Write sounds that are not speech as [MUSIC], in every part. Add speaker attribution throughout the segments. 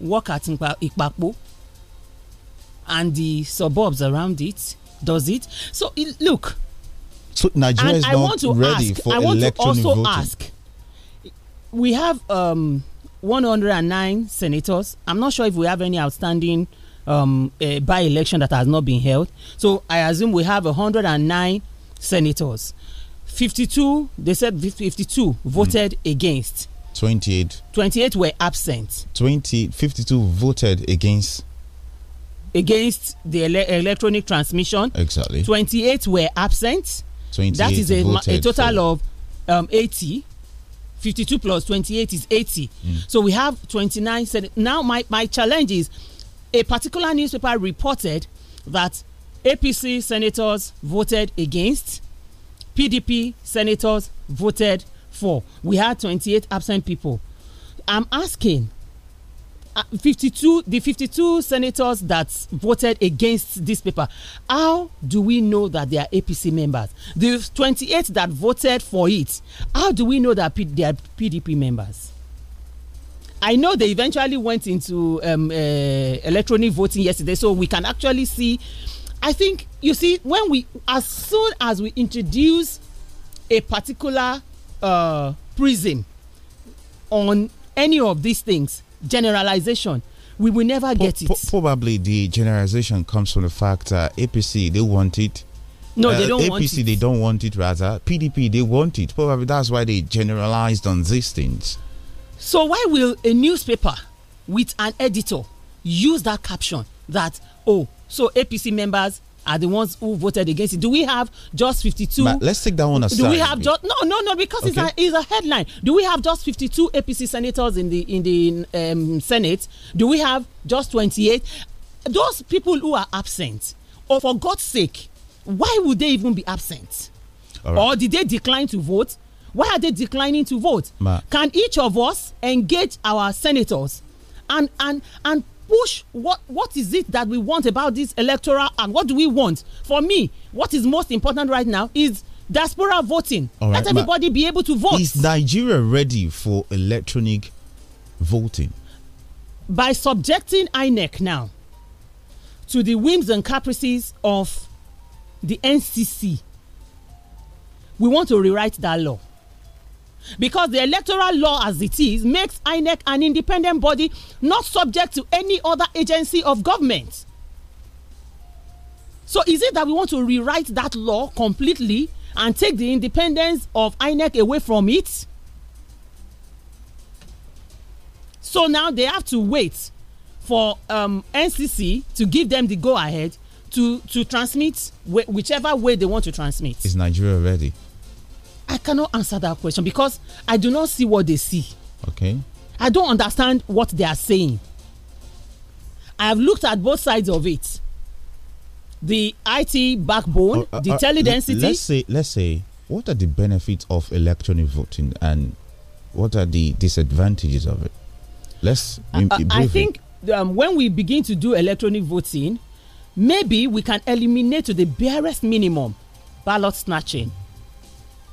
Speaker 1: work at Ipapo and the suburbs around it does it. So it, look.
Speaker 2: So Nigeria is not ready ask, for I want to also voting. ask.
Speaker 1: We have um, 109 senators. I'm not sure if we have any outstanding um, uh, by-election that has not been held. So I assume we have 109 senators. 52, they said 52 voted mm. against.
Speaker 2: 28.
Speaker 1: 28 were absent.
Speaker 2: 20, 52 voted against.
Speaker 1: Against the ele electronic transmission. Exactly. 28 were absent. 28 that is a, a total of um, 80. 52 plus 28 is 80. Mm. So we have 29. Now, my, my challenge is a particular newspaper reported that APC senators voted against, PDP senators voted four. We had 28 absent people. I'm asking uh, 52 the 52 senators that voted against this paper how do we know that they are apc members the 28 that voted for it how do we know that P they are pdp members i know they eventually went into um, uh, electronic voting yesterday so we can actually see i think you see when we as soon as we introduce a particular uh, prison on any of these things, generalization,
Speaker 2: we will never po get it. Po probably the generalization comes from the fact that APC they want it. No, uh, they don't APC, want it. they don't want it, rather. PDP, they want it. Probably that's why they generalized on these things.
Speaker 1: So, why will a newspaper with an editor use that caption that, oh, so APC members are the ones who voted against it. Do we have just
Speaker 2: 52? let's take that one aside. Do we have just
Speaker 1: no, no, no? Because okay. it's, a, it's a headline. Do we have just 52 APC senators in the in the um, Senate? Do we have just 28? Those people who are absent, or for God's sake, why would they even be absent? Right. Or did they decline to vote? Why are they declining to vote? Ma Can each of us engage our senators and and and push what what is it that we want about this electoral and what do we want for me what is most important right now is diaspora voting right, let everybody be able to vote is
Speaker 2: nigeria ready for electronic voting
Speaker 1: by subjecting inec now to the whims and caprices of the ncc we want to rewrite that law because the electoral law as it is makes INEC an independent body not subject to any other agency of government. So is it that we want to rewrite that law completely and take the independence of INEC away from it? So now they have to wait for um, NCC to give them the go ahead to to transmit whichever way they want to transmit.
Speaker 2: Is Nigeria ready?
Speaker 1: I cannot answer that question because I do not see what they see. Okay. I don't understand what they are saying. I have looked at both sides of it. The IT backbone, uh, uh, the uh, teledensity. Let's
Speaker 2: say, let's say, what are the benefits of electronic voting and what are the disadvantages of it? Let's. I think
Speaker 1: um, when we begin to do electronic voting, maybe we can eliminate to the barest minimum ballot snatching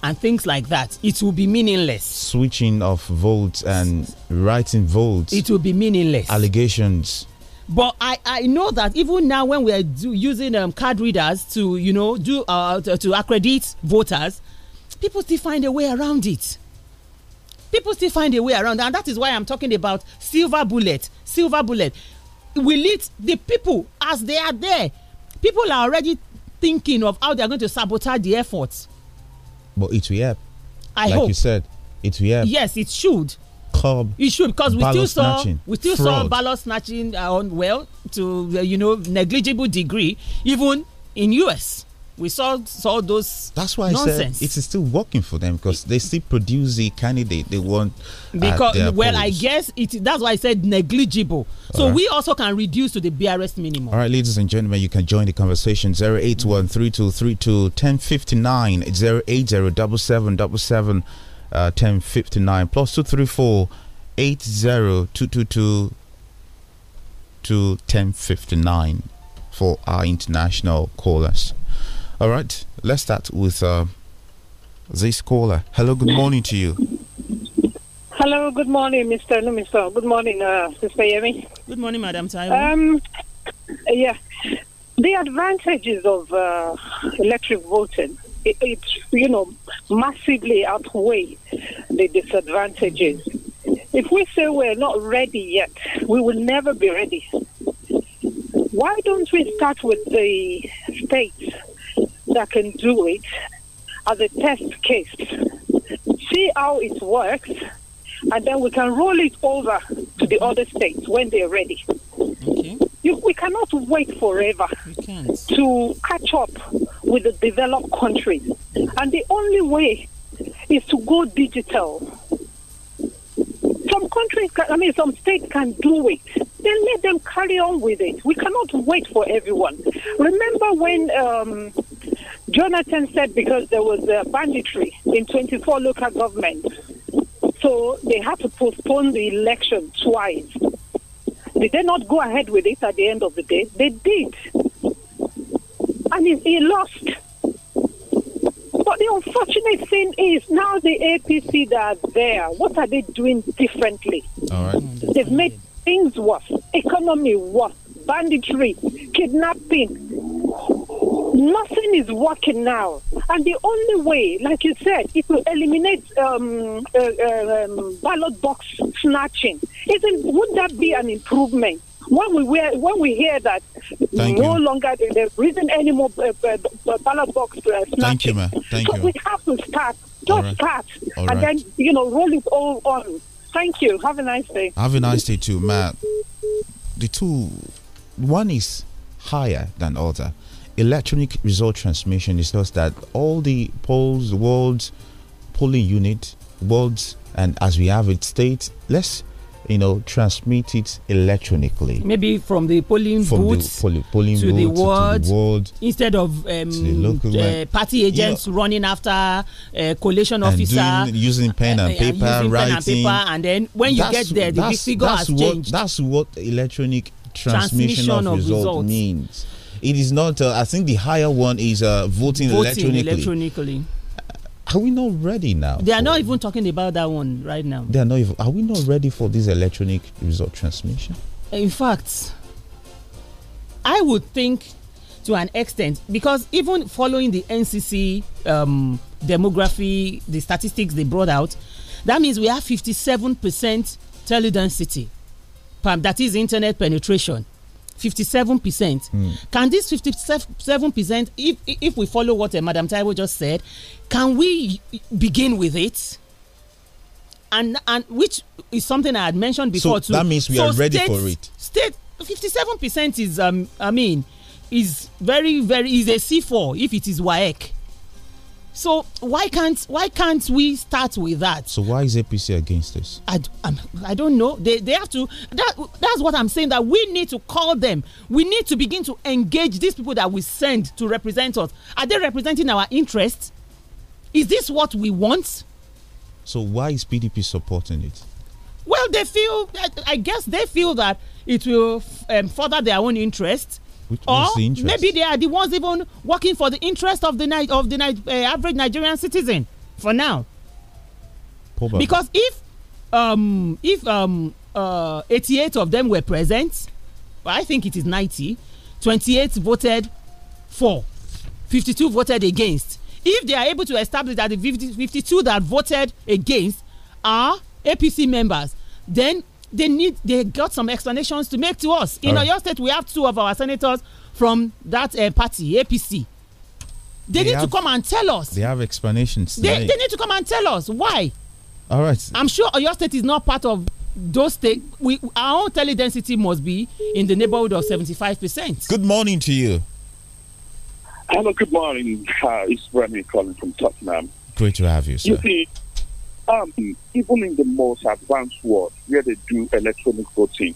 Speaker 1: and things like that, it will be meaningless.
Speaker 2: Switching of votes and writing votes. It will
Speaker 1: be meaningless.
Speaker 2: Allegations.
Speaker 1: But I, I know that even now when we are using um, card readers to you know do uh, to, to accredit voters, people still find a way around it. People still find a way around, and that is why I'm talking about silver bullet. Silver bullet We it the people as they are there? People are already thinking of how they are going to sabotage the efforts
Speaker 2: but it will help. I like hope. you said, it will help.
Speaker 1: Yes, it should. Curb. It should because we still saw snatching. we still Fraud. saw ballot snatching uh, on well to uh, you know negligible degree even in US we saw saw those. That's why nonsense. I said
Speaker 2: it is still working for them because they still produce the candidate they want. Because well, polls. I
Speaker 1: guess it. That's why I said negligible. All so right. we also can reduce to the BRS minimum.
Speaker 2: All right, ladies and gentlemen, you can join the conversation zero eight one three two three two ten fifty nine zero eight zero double seven double seven. Uh, 1059 plus 234 to 1059 for our international callers. All right, let's start with uh, this caller. Hello, good morning to you.
Speaker 3: Hello, good morning, Mr. No, Good morning, uh, Sister Yemi. Good morning, Madam Taiwo. Um, yeah, the advantages of uh, electric voting it, it, you know massively outweigh the disadvantages. If we say we're not ready yet, we will never be ready. Why don't we start with the states that can do it as a test case, see how it works, and then we can roll it over to the other states when they're ready. Okay. You, we cannot wait forever to catch up with the developed countries. And the only way is to go digital. Some countries, can, I mean, some states can do it. Then let them carry on with it. We cannot wait for everyone. Remember when um, Jonathan said because there was a banditry in 24 local governments, so they had to postpone the election twice. Did they not go ahead with it at the end of the day? They did. And he, he lost. But the unfortunate thing is now the APC that are there, what are they doing differently? All right. They've made things worse, economy worse, banditry, kidnapping, nothing is working now. And the only way, like you said, is to eliminate um, uh, uh, um, ballot box snatching. Isn't would that be an improvement? When we hear, when we hear that Thank no you. longer uh, there isn't any more uh, ballot box snatching. Thank you, ma. Thank so you. we have to start, just right. start, all and right. then you know roll it all on. Thank you. Have a nice day.
Speaker 2: Have a nice day too, Matt. The two, one is higher than other electronic result transmission is just that all the polls, worlds, polling unit, worlds, and as we have it state, let's you know transmit it electronically.
Speaker 1: Maybe from the polling from booths
Speaker 2: the polling to, booth, the ward, to, the world.
Speaker 1: instead of um, uh, party agents you know, running after a uh, collation officer doing,
Speaker 2: using pen uh, and uh, paper, and writing, pen and paper,
Speaker 1: and then when you get there, the figure that's has what, changed.
Speaker 2: That's what electronic transmission, transmission of, of result results. means it is not. Uh, I think the higher one is uh, voting, voting electronically. electronically. Are we not ready now? They
Speaker 1: are not even talking about that one right now.
Speaker 2: They are not. Even, are we not ready for this electronic result transmission?
Speaker 1: In fact, I would think to an extent because even following the NCC um, demography, the statistics they brought out, that means we have 57% teledensity. That is internet penetration. 57 percent. Mm. Can this 57 percent, if if we follow what uh, Madam Taiwo just said, can we begin with it? And and which is something I had mentioned before so too. That means we so are ready for it. State 57 percent is um I mean is very very is a C4 if it is WAEC. So why can't why can't we start with that?
Speaker 2: So why is APC against this? I,
Speaker 1: I'm, I don't know. They they have to. That that's what I'm saying. That we need to call them. We need to begin to engage these people that we send to represent us. Are they representing our interests?
Speaker 2: Is this what we want? So why is PDP supporting it?
Speaker 1: Well, they feel. I guess they feel that it will um, further their own interest which or the maybe they are the ones even working for the interest of the night of the night, uh, eh, average Nigerian citizen for now. Probably. Because if um, if um, uh, 88 of them were present, I think it is 90, 28 voted for, 52 voted against. If they are able to establish that the 50, 52 that voted against are APC members, then they need they got some explanations to make to us. In right. Oyo State, we have two of our senators from that uh, party, APC. They, they need have, to come and tell us.
Speaker 2: They have explanations. They, they need
Speaker 1: to come and tell us why. All right. I'm sure Oyo State is not part of those states. We our own tele density must be in the neighborhood of 75
Speaker 2: percent. Good morning to you.
Speaker 4: Hello. Good morning. Uh, it's Remy calling from Tottenham.
Speaker 2: Great to have you, sir. You
Speaker 4: see, um, even in the most advanced world where they do electronic voting,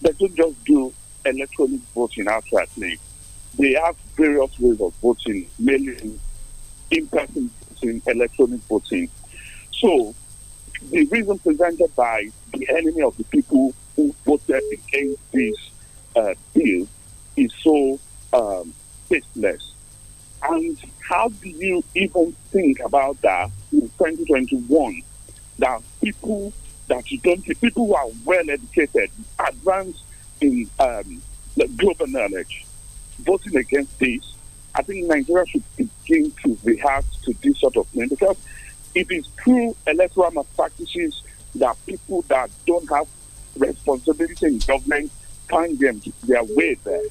Speaker 4: they don't just do electronic voting outrightly. They have various ways of voting, mainly in-person voting, electronic voting. So the reason presented by the enemy of the people who voted against this uh, bill is so um, tasteless and how do you even think about that in 2021? That people that you don't see, people who are well educated, advanced in um, global knowledge, voting against this, I think Nigeria should begin to react to this sort of thing because it is through electoral malpractices that people that don't have responsibility in government find them their way there.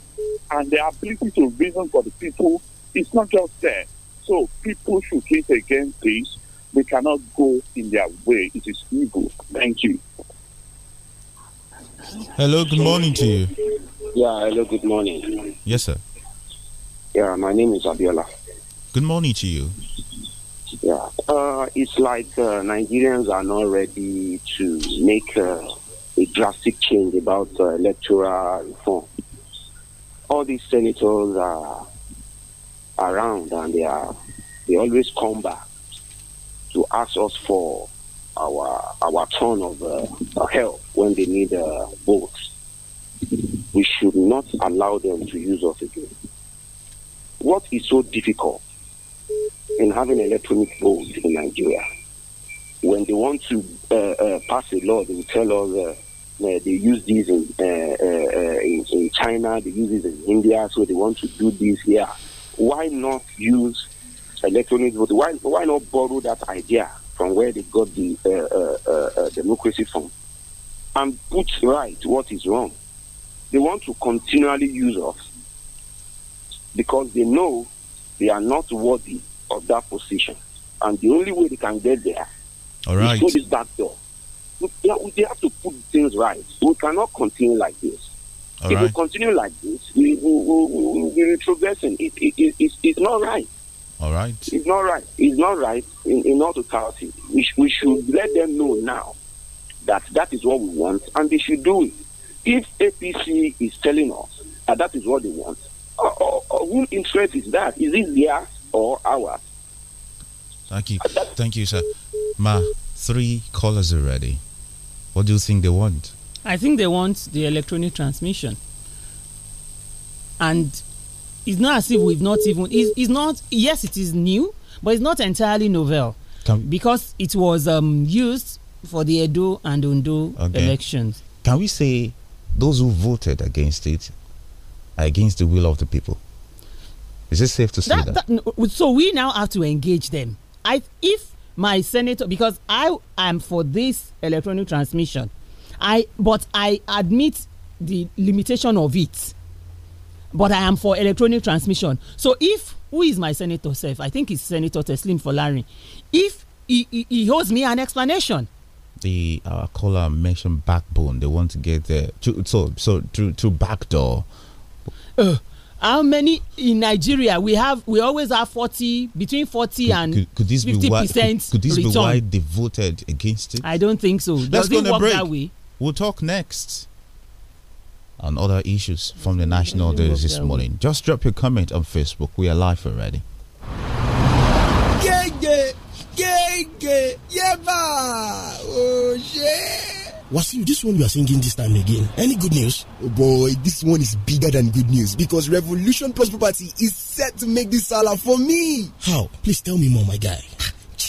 Speaker 4: And their ability to reason for the people it's not just there. So people should get against this. They cannot go in their way. It is evil. Thank you.
Speaker 2: Hello, good morning to you.
Speaker 5: Yeah, hello, good morning. Yes, sir. Yeah, my name is Abiola.
Speaker 2: Good morning to you.
Speaker 5: Yeah, uh, it's like uh, Nigerians are not ready to make uh, a drastic change about uh, electoral reform. All these senators are around and they are they always come back to ask us for our our ton of uh, help when they need uh, votes. We should not allow them to use us again. What is so difficult in having electronic votes in Nigeria? When they want to uh, uh, pass a law, they will tell us uh, they use these in, uh, uh, in, in China, they use this in India, so they want to do this here why not use electronic voting? Why, why not borrow that idea from where they got the uh, uh, uh, uh, democracy from and put right what is wrong? They want to continually use us because they know they are not worthy of that position. And the only way they can get there All right. is through this back door. We, they have to put things right. We cannot continue like this. All if right. we continue like this, we will be progressing. retrogressing. It, it, it, it's, it's not right. All right. It's not right. It's not right in, in all totality. We, sh we should let them know now that that is what we want and they should do it. If APC is telling us that that is what they want, or, or, or whom interest is that? Is it theirs or ours?
Speaker 2: Thank you. Uh, Thank you, sir. Ma, three callers already. What do you think they want?
Speaker 1: I think they want the electronic transmission. And it's not as if we've not even, it's, it's not, yes, it is new, but it's not entirely novel Can because it was um, used for the Edo and Ondo okay. elections.
Speaker 2: Can we say those who voted against it are against the will of the people? Is it safe to say that?
Speaker 1: that? that so we now have to engage them. I, if my senator, because I am for this electronic transmission, I but I admit the limitation of it. But I am for electronic transmission. So if who is my senator self? I think it's Senator Teslim Folari. If he, he, he owes me an explanation.
Speaker 2: The uh, caller mentioned backbone. They want to get there. To, so so to to backdoor.
Speaker 1: Uh, how many in Nigeria we have we always have 40 between 40 could, and could, could this 50 be why, percent could, could this return. be why
Speaker 2: they voted against it
Speaker 1: I don't think so Does Let's it work break. that
Speaker 2: way We'll talk next on other issues from the national news this morning. Just drop your comment on Facebook. We are live already.
Speaker 6: Oh,
Speaker 7: Wasim, this one you are singing this time again. Any good news? Oh boy, this one is bigger than good news because Revolution Plus Property is set to make this salah for me. How? Please tell me more, my guy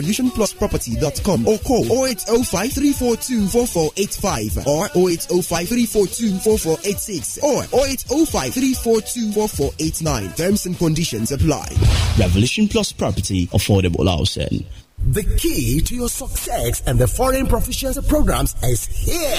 Speaker 7: revolutionplusproperty.com or call 0805 342 4485 or 0805 342 4486 or 0805 342 4489. Terms and conditions apply. Revolution Plus Property Affordable Housing. The key to your success and the foreign proficiency programs is here.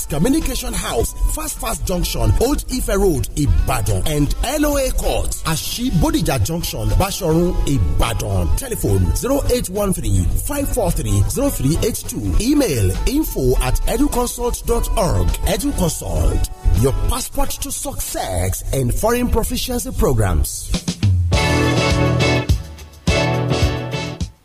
Speaker 7: Communication House, Fast Fast Junction, Old Ife Road, Ibadan, and LOA Court, Ashi Bodija Junction, Bashorun, Ibadan. Telephone zero zero eight one three three five four three eight two. Email info at educonsult dot org. Educonsult, your passport to success and foreign proficiency programs.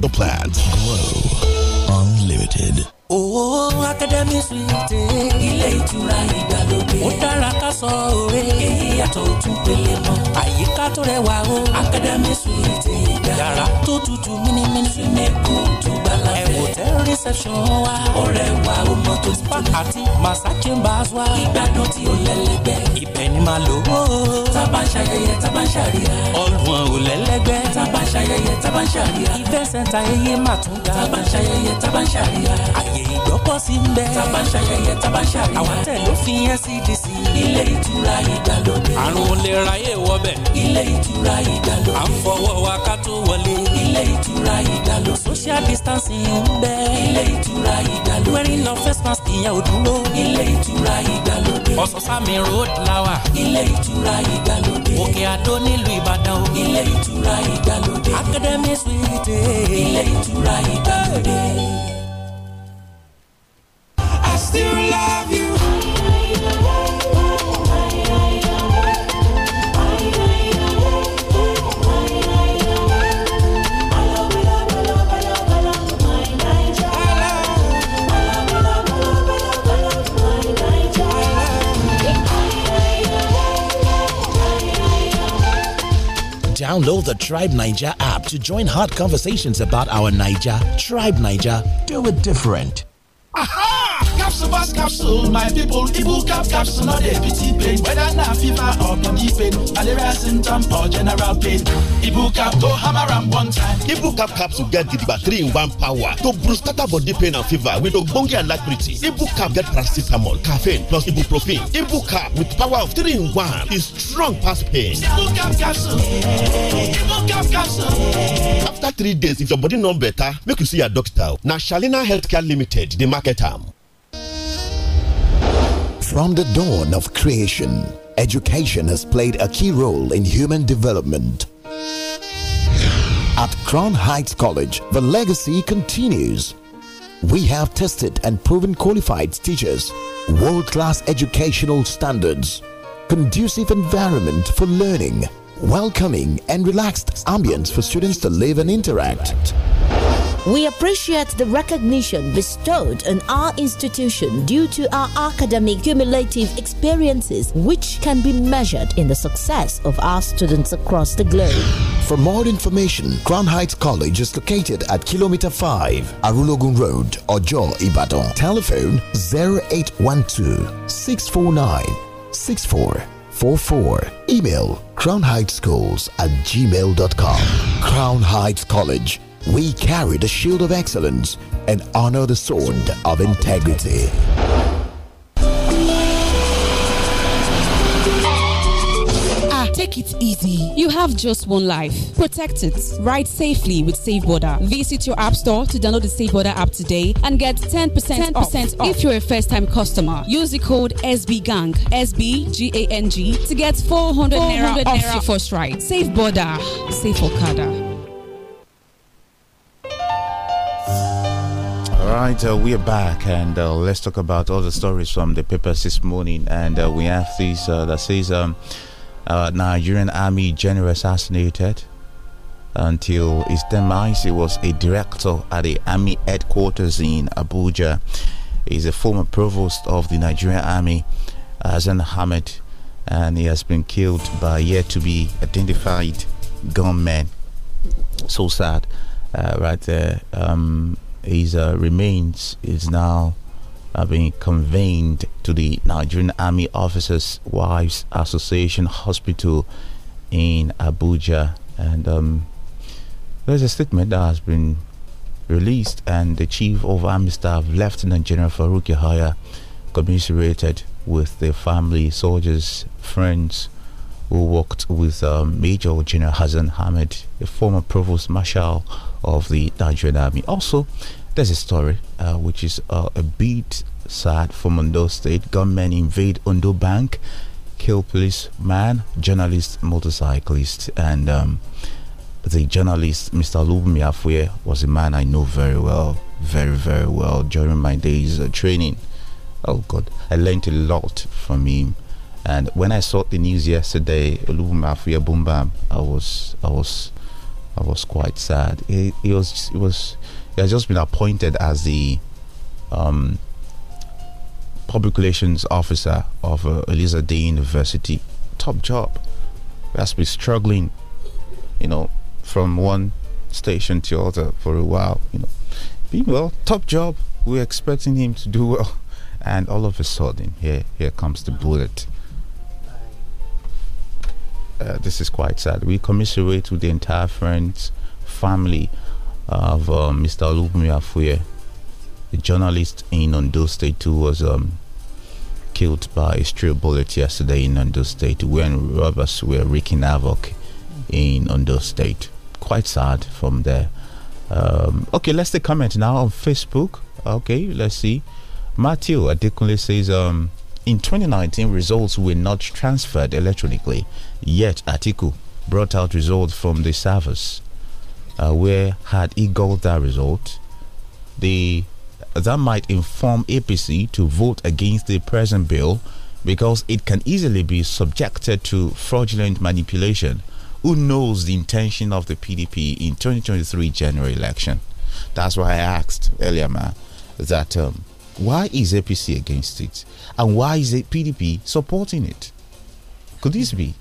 Speaker 8: the plans. Glow
Speaker 9: Unlimited. Owó Akademi Suite. Ilé ìtura ìgbàlódé. Ó dára ká sọ òwe. Èyí yàtọ̀ ojú pele mọ́. Àyíká tó rẹwà o. Akademi tètè gbà. yàrá tó tutù mímímí. sinimu tó bá fẹ́. ẹ̀wò
Speaker 10: tẹ rìsẹ̀pṣọ̀n wa.
Speaker 9: ọ̀rẹ́ wa ó mọ tó ti tó. àti massa
Speaker 10: chambers wa. ìgbádùn tí ó
Speaker 9: lẹ́lẹ́gbẹ́. ibẹ̀ ni màá lò ó. tábà ń ṣayẹyẹ tábà ń ṣàríyá. ọlùwọ̀n ò lẹ́lẹ́gbẹ́. tábà ń ṣayẹyẹ tábà ń ṣàríyá.
Speaker 1: ìfẹ́ sẹ́ńtà eyé mà tún ga. tábà
Speaker 9: ń ṣayẹyẹ tábà ń ṣàríyá. àyè ìgbọ́kọ̀sí ń ilé ìtura ìgbàlódé. àrùn olè ráyè wọbẹ̀. ilé ìtura ìgbàlódé. à ń fọwọ́ wa ká tó wọlé. ilé ìtura ìgbàlódé. social distancing ń bẹ. ilé ìtura ìgbàlódé. wearing no face mask ìyẹn ò dúró. ilé ìtura ìgbàlódé. ọ̀sánsámi road lawa. ilé ìtura ìgbàlódé. òkè àdó nílùú ìbàdàn o. ilé ìtura ìgbàlódé. academy suite. ilé ìtura ìgbàlódé.
Speaker 11: I still love you.
Speaker 10: download the Tribe Niger app to join hot conversations about our Niger. Tribe Niger, do it different.
Speaker 6: Aha! Super's capsule, my people, Ibucap capsule, No a pity pain. Whether na fever or body pain, malaria symptom or general pain. Ibucap go hammer am one time. Ibucap capsule get gidigba three in one power to boost scatter body pain and fever with ogbonge alacrity. Ibucap get paracetamol, caffeine plus
Speaker 7: ibuprofen. Ibucap with power of three in one is strong past pain.
Speaker 6: Ibucap capsule. Ibucap capsule.
Speaker 12: After three days, if your body no better, make you see your doctor. Na Shalina Healthcare Limited, dey market am.
Speaker 7: From the dawn of creation, education has played a key role in human development. At Crown Heights College, the legacy continues. We have tested and proven qualified teachers, world class educational standards, conducive environment for learning, welcoming
Speaker 11: and relaxed ambience for students to live and
Speaker 7: interact.
Speaker 13: We appreciate
Speaker 11: the recognition bestowed on our institution due to our academic cumulative experiences, which can be measured in the success of our students across
Speaker 7: the globe. For more information, Crown Heights College is located at Kilometer 5, Arulogun Road, Ojo, Ibadan. Telephone 0812 649 6444. Email crownheightschools at gmail.com. Crown Heights College we carry the shield of excellence and honor the sword of integrity.
Speaker 13: Ah, take it easy. You have just one life. Protect it. Ride safely with SafeBorder. Visit your app store to download the SafeBorder app today and get 10%, 10 off. off. if you're a first-time customer. Use the code SBGANG, SBGANG to get 400, 400 Naira, off, your first ride. SafeBorder. Safe Okada.
Speaker 2: right, uh, we are back, and uh, let's talk about all the stories from the papers this morning. And uh, we have this uh, that says um, uh, Nigerian army general assassinated until his demise. He was a director at the army headquarters in Abuja. He's a former provost of the Nigerian army, Azan Ahmed, and he has been killed by yet to be identified gunmen. So sad, uh, right there. Um, his uh, remains is now uh, being conveyed to the Nigerian Army Officers Wives Association Hospital in Abuja. And um, there's a statement that has been released, and the Chief of Army Staff, Lieutenant General Farouk Yahaya, commiserated with the family, soldiers, friends who worked with um, Major General Hassan Hamid, a former Provost Marshal of the Nigerian army. Also, there's a story uh, which is uh, a bit sad from Ondo State. Gunmen invade Ondo Bank, kill police man, journalist, motorcyclist, and um, the journalist Mr. Lubmi was a man I know very well, very very well during my days training. Oh God, I learned a lot from him. And when I saw the news yesterday, Lubmi boom bam, I was I was was quite sad. He, he was, he was, he has just been appointed as the um, public relations officer of uh, Eliza Day University. Top job. He has been struggling, you know, from one station to other for a while, you know. Being well, top job. We're expecting him to do well, [LAUGHS] and all of a sudden, here, here comes the bullet uh, this is quite sad. We commiserate with the entire friends, family of uh, Mr. Olubumi Afuye, the journalist in Ondo State who was um, killed by a stray bullet yesterday in Ondo State when robbers were wreaking havoc in Ondo State. Quite sad from there. Um, okay, let's take comment now on Facebook. Okay, let's see. Matthew Adekunle says, um, in 2019, results were not transferred electronically. Yet Atiku brought out results from the service. Uh, where had he got that result, the that might inform APC to vote against the present bill because it can easily be subjected to fraudulent manipulation. Who knows the intention of the PDP in 2023 general election? That's why I asked earlier, man, that um, why is APC against it and why is the PDP supporting it? Could this be?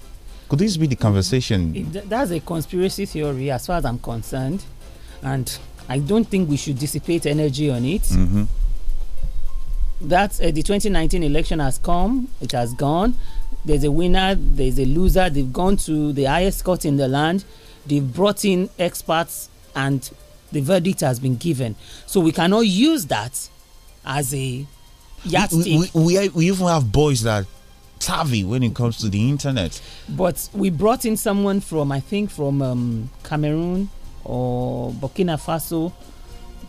Speaker 2: Could this be the conversation?
Speaker 1: that's a conspiracy theory, as far as I'm concerned, and I don't think we should dissipate energy on it. Mm -hmm. uh, the 2019 election has come, it has gone. There's a winner, there's a loser. They've gone to the highest court in the land. They've brought in experts, and the verdict has been given. So we cannot use that as a yardstick.
Speaker 2: We, we, we, we even have boys that savvy when it comes to the internet.
Speaker 1: But we brought in someone from, I think, from um, Cameroon or Burkina Faso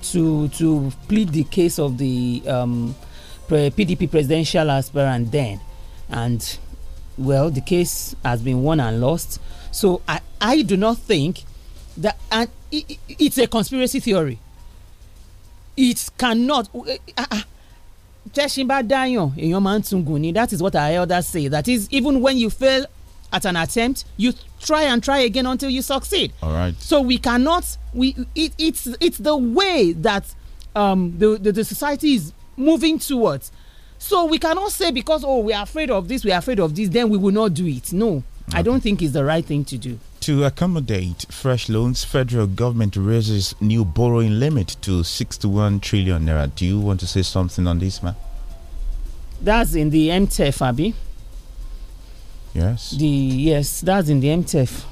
Speaker 1: to to plead the case of the um, PDP presidential aspirant then, and well, the case has been won and lost. So I I do not think that and it, it's a conspiracy theory. It cannot. Uh, uh, tẹ́sìn dáyàn èèyàn máa ń tún gùn ni that is what our elders say that is even when you fail at an attempt you try and try again until you succeed. all right so we cannot we it, it's it's the way that um, the, the the society is moving towards so we cannot say because oh we are afraid of this we are afraid of this then we will not do it no okay. i don't think it's the right thing to do.
Speaker 2: To accommodate fresh loans, federal government raises new borrowing limit to 61 trillion naira. Do you want to say something on this, man?
Speaker 1: That's in the MTF, Abi. Yes. The yes, that's in the MTF.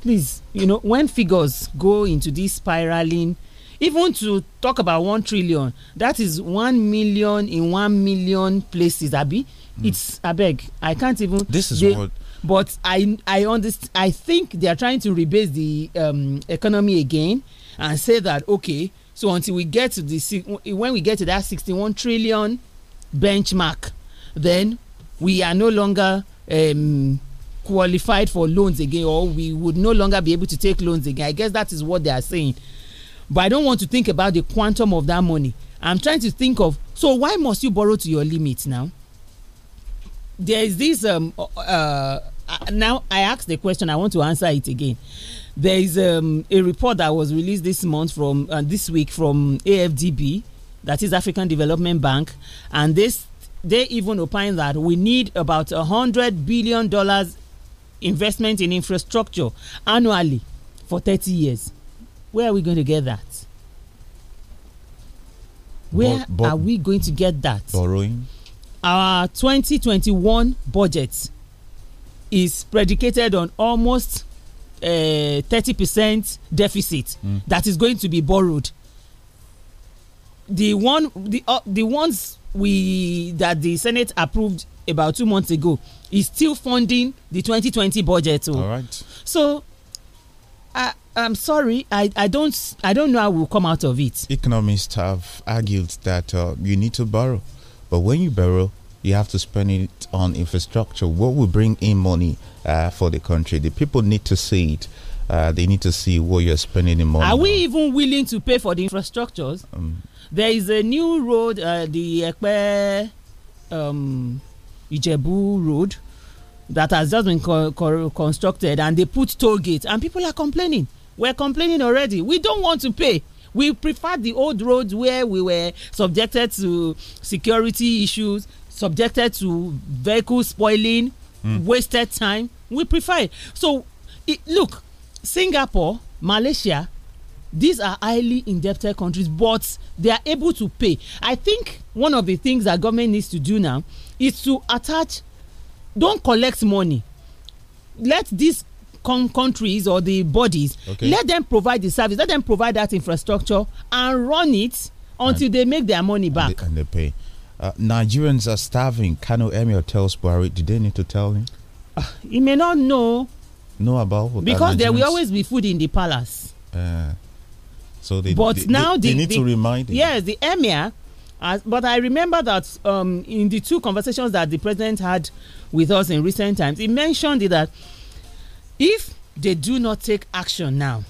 Speaker 1: Please, you know, when figures go into this spiraling, even to talk about one trillion, that is one million in one million places, Abi. Mm. It's beg, I can't even. This is they, what but I I understand. I think they are trying to rebase the um, economy again and say that okay, so until we get to the when we get to that 61 trillion benchmark, then we are no longer um, qualified for loans again, or we would no longer be able to take loans again. I guess that is what they are saying. But I don't want to think about the quantum of that money. I'm trying to think of so why must you borrow to your limit now? There is this um, uh, uh now I asked the question. I want to answer it again. There is um, a report that was released this month from uh, this week from AFDB, that is African Development Bank, and this they even opine that we need about a hundred billion dollars investment in infrastructure annually for 30 years. Where are we going to get that?
Speaker 2: Where but, but are we
Speaker 1: going to get that? Borrowing. Our 2021 budget is predicated on almost uh, thirty uh, percent deficit mm. that is going to be borrowed. The one, the uh, the ones we that the Senate approved about two months ago is still funding the 2020 budget. Oh. All right. So,
Speaker 2: I I'm sorry, I I don't I don't know how we'll come out of it. Economists have argued that uh, you need to borrow, but when you borrow, you have to spend it on infrastructure. What will bring in money uh, for the country? The people need to see it. Uh, they need to see what you're spending the money. Are
Speaker 1: we on. even willing to pay for the infrastructures? Um, there is a new road, uh, the Ekpe um, Ijebu Road, that has just been co co constructed, and they put toll gates, and people are complaining. We're complaining already. We don't want to pay we prefer the old roads where we were subjected to security issues subjected to vehicle spoiling, mm. wasted time. We prefer it. So, it, look, Singapore, Malaysia, these are highly indebted countries, but they are able to pay. I think one of the things that government needs to do now is to attach, don't collect money. Let these countries or the bodies, okay. let them provide the service, let them provide that infrastructure and run it
Speaker 2: until and, they make their money back. and they, and they pay. Uh, Nigerians are starving. Kano Emir tells Buhari. Did they need to tell him?
Speaker 1: Uh, he may not know.
Speaker 2: Know about because there will always
Speaker 1: be food in the palace.
Speaker 2: Uh, so they. But they, now they, they need the, to remind. Him. Yes,
Speaker 1: the Emir. Has, but I remember that um, in the two conversations that the president had with us in recent times, he mentioned that if they do not take action now,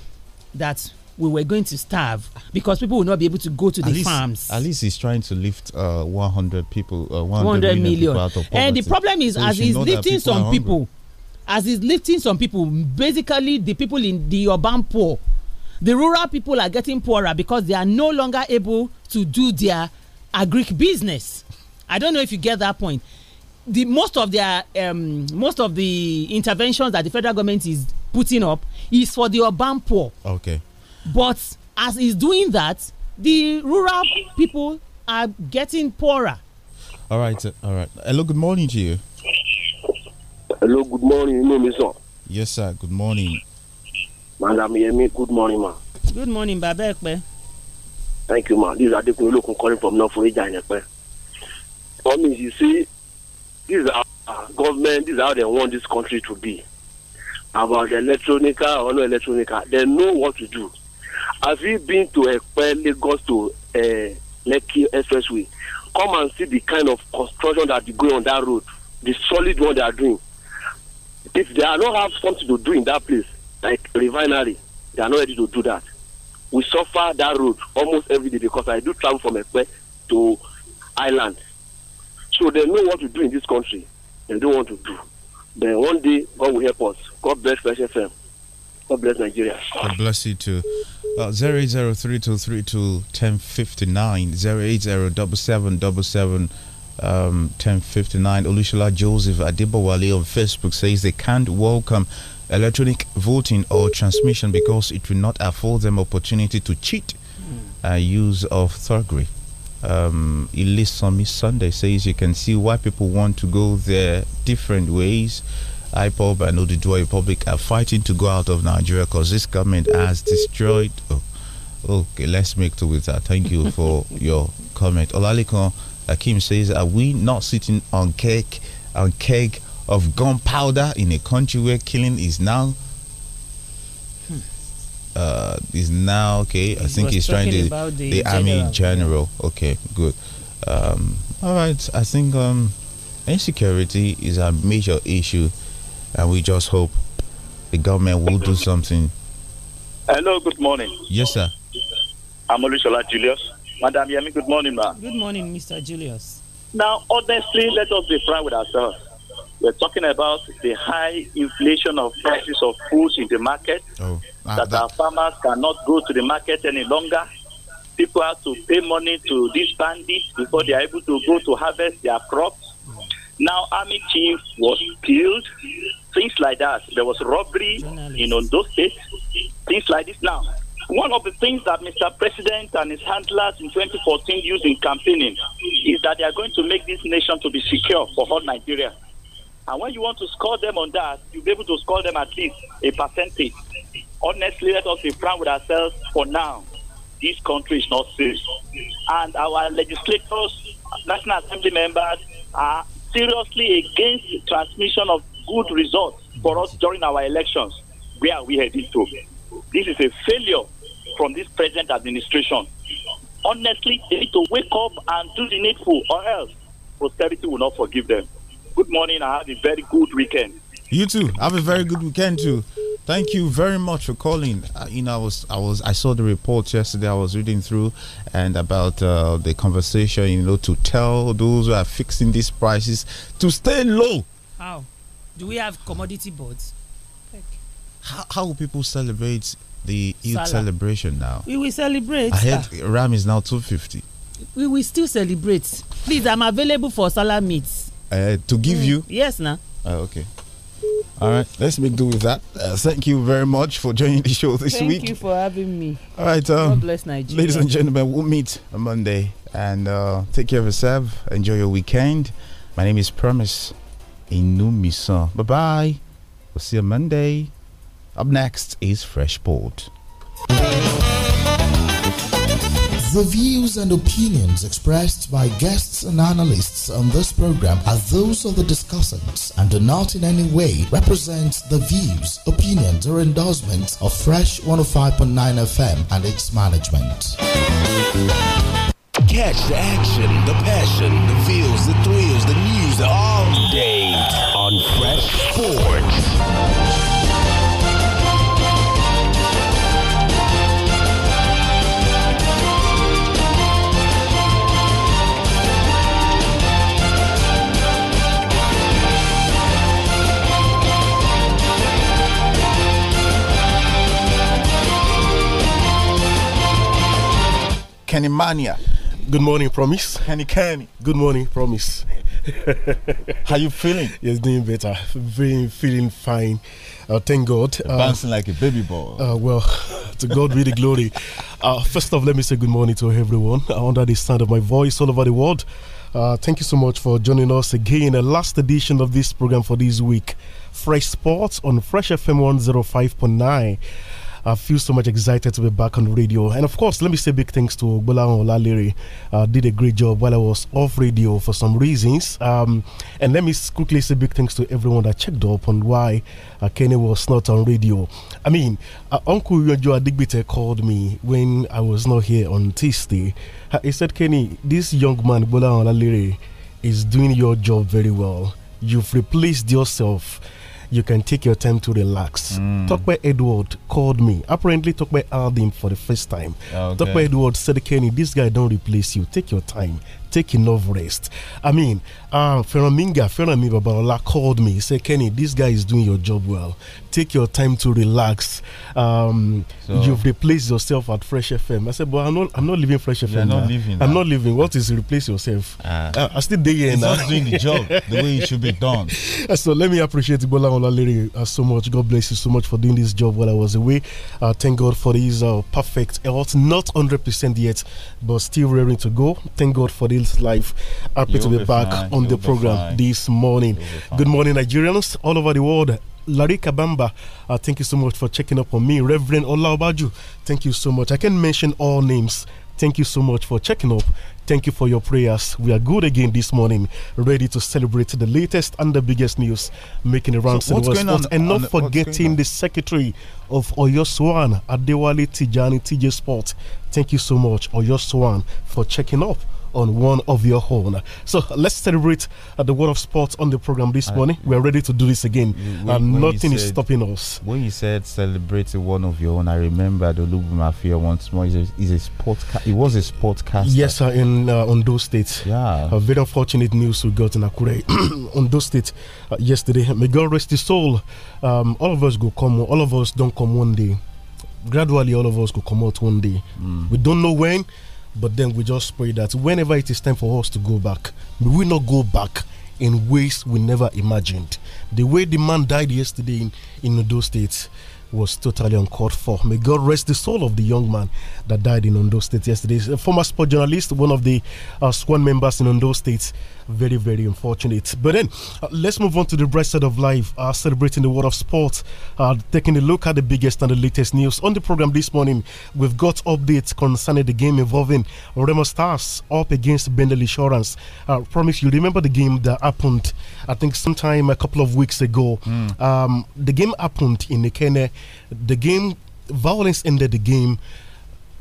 Speaker 1: that we were going to starve because people will not be able to go to at the least, farms. At
Speaker 2: least he's trying to lift uh, 100 people, uh, 100, 100 million. People out of poverty. and the problem is, so as he's lifting people some people,
Speaker 1: as he's lifting some people, basically the people in the urban poor, the rural people are getting poorer because they are no longer able to do their agric business. I don't know if you get that point. The most of their um, most of the interventions that the federal government is putting up is for the urban poor. Okay but as he's doing that, the rural people are getting poorer.
Speaker 2: All right, uh, all right. Hello, good morning to you. Hello,
Speaker 5: good morning, Mr.
Speaker 2: Yes, sir. Good morning.
Speaker 5: Madam Yemi, good morning, ma.
Speaker 1: Good morning, Baba Ekpe.
Speaker 2: Thank you,
Speaker 5: ma. This is Adekunle are calling from North Florida in I mean, you see, this is our government, this is how they want this country to be. About the electronica or no electronica, they know what to do. Have you been to Ekpe, Lagos to uh, Lekki Expressway? Come and see the kind of construction that is going on that road, the solid one they are doing. If they are not have something to do in that place, like refinery, they are not ready to do that. We suffer that road almost every day because I do travel from Ekpe to Island. So they know what to do in this country. They don't want to do. Then one day, God will help us. God bless Fresh FM. God bless Nigeria.
Speaker 2: God bless you too. Uh, 08032321059 um, 1059 Olushola Joseph Adibawale on Facebook says they can't welcome electronic voting or transmission because it will not afford them opportunity to cheat uh, use of thuggery. Um, Elisomi Sunday says you can see why people want to go their different ways IPOB and Odidua Republic are fighting to go out of Nigeria because this government has destroyed. Oh, okay, let's make do with that. Thank you for [LAUGHS] your comment. Olalikon Akim says, Are we not sitting on cake, on keg of gunpowder in a country where killing is now? Hmm. Uh, is now okay. I think he's trying to the, the army general. general. Okay, good. Um, all right. I think um, insecurity is a major issue and we just hope the government will do something.
Speaker 14: Hello, good morning. Yes, sir. I'm Olusola Julius. Madam Yemi, good morning, ma'am.
Speaker 1: Good morning, Mr. Julius.
Speaker 14: Now, honestly, let us be frank with ourselves. We're talking about the high inflation of prices of foods in the market, oh, uh, that, that our farmers cannot go to the market any longer. People have to pay money to these bandits before they are able to go to harvest their crops now, army chief was killed, things like that. There was robbery in those states. things like this. Now, one of the things that Mr. President and his handlers in 2014 used in campaigning is that they are going to make this nation to be secure for all Nigeria. And when you want to score them on that, you'll be able to score them at least a percentage. Honestly, let us be frank with ourselves for now. This country is not safe. And our legislators, National Assembly members are seriously against transmission of good results for us during our elections. Where are we heading to? This is a failure from this present administration. Honestly, they need to wake up and do the needful, or else prosperity will not forgive them. Good morning. I have a very good weekend.
Speaker 2: You too. Have a very good weekend too. Thank you very much for calling. Uh, you know, I was, I was, I saw the report yesterday. I was reading through and about uh, the conversation. You know, to tell those who are fixing these prices to stay low.
Speaker 1: How do we have commodity boards?
Speaker 2: How, how will people celebrate the Eid youth celebration now? We
Speaker 1: will celebrate. I heard
Speaker 2: Ram is now two fifty.
Speaker 1: We will still celebrate. Please, I'm available for salad meats.
Speaker 2: Uh, to give mm. you. Yes, now. Uh, okay. All right, let's make do with that. Uh, thank you very much for joining the show this thank week. Thank
Speaker 1: you for having me. All right, um, God bless Nigeria. Ladies and gentlemen,
Speaker 2: we'll meet on Monday and uh, take care of yourself. Enjoy your weekend. My name is Promise Inumison. Bye bye. We'll see you Monday. Up next is Fresh Port. The views
Speaker 7: and opinions expressed by guests and analysts on this program are those of the discussants and do not in any way represent the views, opinions, or endorsements of Fresh 105.9 FM and its management. Catch the action, the passion, the feels, the thrills, the news all
Speaker 3: day on Fresh Sports.
Speaker 2: Kenny Mania.
Speaker 12: Good morning, Promise. Kenny Kenny. Good morning, Promise. [LAUGHS] How you feeling? Yes, doing better. feeling fine. Uh, thank God. bouncing like a baby ball. Uh, uh well, [LAUGHS] to God be the glory. Uh, first off, let me say good morning to everyone under the sound of my voice all over the world. Uh, thank you so much for joining us again. The last edition of this program for this week, Fresh Sports on Fresh FM 105.9. I feel so much excited to be back on radio. And of course, let me say big thanks to Bola Olaleri. Uh, did a great job while I was off radio for some reasons. Um, and let me quickly say big thanks to everyone that checked up on why uh, Kenny was not on radio. I mean, uh, Uncle Yojo Adigbite called me when I was not here on Tuesday. He said, Kenny, this young man, Bola Olaleri, is doing your job very well. You've replaced yourself you can take your time to relax. Mm. Tokwe Edward called me. Apparently, Tokwe heard him for the first time. Okay. Tokwe Edward said, Kenny, this guy don't replace you. Take your time. Take enough rest. I mean, uh, Feraminga, Ferami Babalola called me. He said, Kenny, this guy is doing your job well. Take your time to relax. Um, so. You've replaced yourself at Fresh FM. I said, but I'm not, I'm not leaving Fresh FM. Not leaving I'm not leaving. What is replace yourself? Ah. Uh, I, I still there now. He's not doing the job the way it should be [LAUGHS] done. so let me appreciate Ibola Olalere uh, so much. God bless you so much for doing this job while I was away. Uh, thank God for his uh, perfect health, not 100% yet, but still raring to go. Thank God for this life. Happy You'll to be, be back fine. on You'll the program fine. this morning. Good morning, Nigerians all over the world. Larry Kabamba, uh, thank you so much for checking up on me. Reverend Olaobaju, thank you so much. I can mention all names. Thank you so much for checking up Thank you for your prayers. We are good again this morning, ready to celebrate the latest and the biggest news making the rounds so in And not forgetting the secretary of Oyo Swan, Adewale Tijani TJ Sport. Thank you so much, Oyo Swan, for checking up on one of your own. So let's celebrate at uh, the world of sports on the program this I, morning. We're ready to do this again, when, and when nothing said, is stopping us.
Speaker 2: When you said celebrate one of your own, I remember the Lubu Mafia once more. Is a, is a sport. It was a sportcaster. Yes, sir,
Speaker 12: in uh, those states. Yeah. A very unfortunate news we got in Akure, [CLEARS THROAT] on those uh, yesterday. May God rest his soul. Um, all of us go come. All of us don't come one day gradually all of us could come out one day. Mm. We don't know when, but then we just pray that whenever it is time for us to go back, we will not go back in ways we never imagined. The way the man died yesterday in, in Ondo State was totally uncalled for. May God rest the soul of the young man that died in Ondo State yesterday. A former sport journalist, one of the uh, sworn members in Ondo State, very, very unfortunate. But then uh, let's move on to the bright side of life, uh, celebrating the world of sports, uh, taking a look at the biggest and the latest news. On the program this morning, we've got updates concerning the game involving Remo Stars up against Bendel Insurance. I uh, promise you, remember the game that happened, I think, sometime a couple of weeks ago. Mm. Um, the game happened in Kenya. The game, violence ended the game.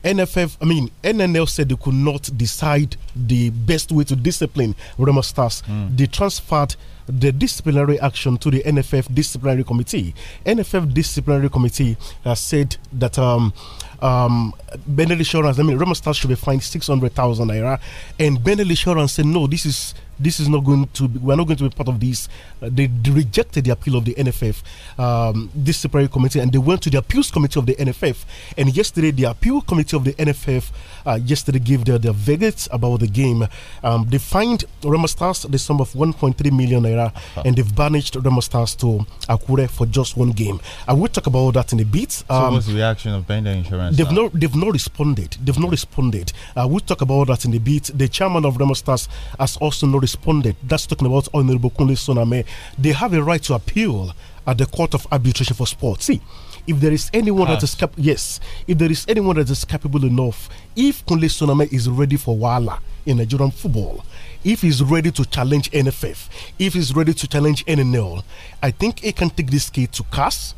Speaker 12: NFF, I mean, NNL said they could not decide the best way to discipline Roma stars. Mm. They transferred the disciplinary action to the NFF disciplinary committee. NFF disciplinary committee has said that um, um, Benel Insurance, I mean, Roma Stars should be fined 600,000 naira. And Benelli Insurance said, no, this is this is not going to be, we're not going to be part of this. Uh, they, they, rejected the appeal of the NFF, um, disciplinary committee, and they went to the appeals committee of the NFF. And yesterday, the appeal committee of the NFF uh, yesterday gave their, their verdict about the game. Um, they fined Roma the sum of 1.3 million naira, huh. and they've banished Roma to Akure for just one game. I will talk about that in a bit. Um, so, what's
Speaker 2: the reaction of Bender Insurance? They've
Speaker 12: now? not they've not responded. They've not responded. I uh, will talk about that in a bit. The chairman of Roma has also not responded, that's talking about Honorable Kunle Soname, they have a right to appeal at the Court of Arbitration for Sport. See, if there is anyone that is capable. yes, if there is anyone that is capable enough, if Kunle Soname is ready for Wala in Nigerian football, if he's ready to challenge NFF, if he's ready to challenge NNL, I think he can take this kid to CAS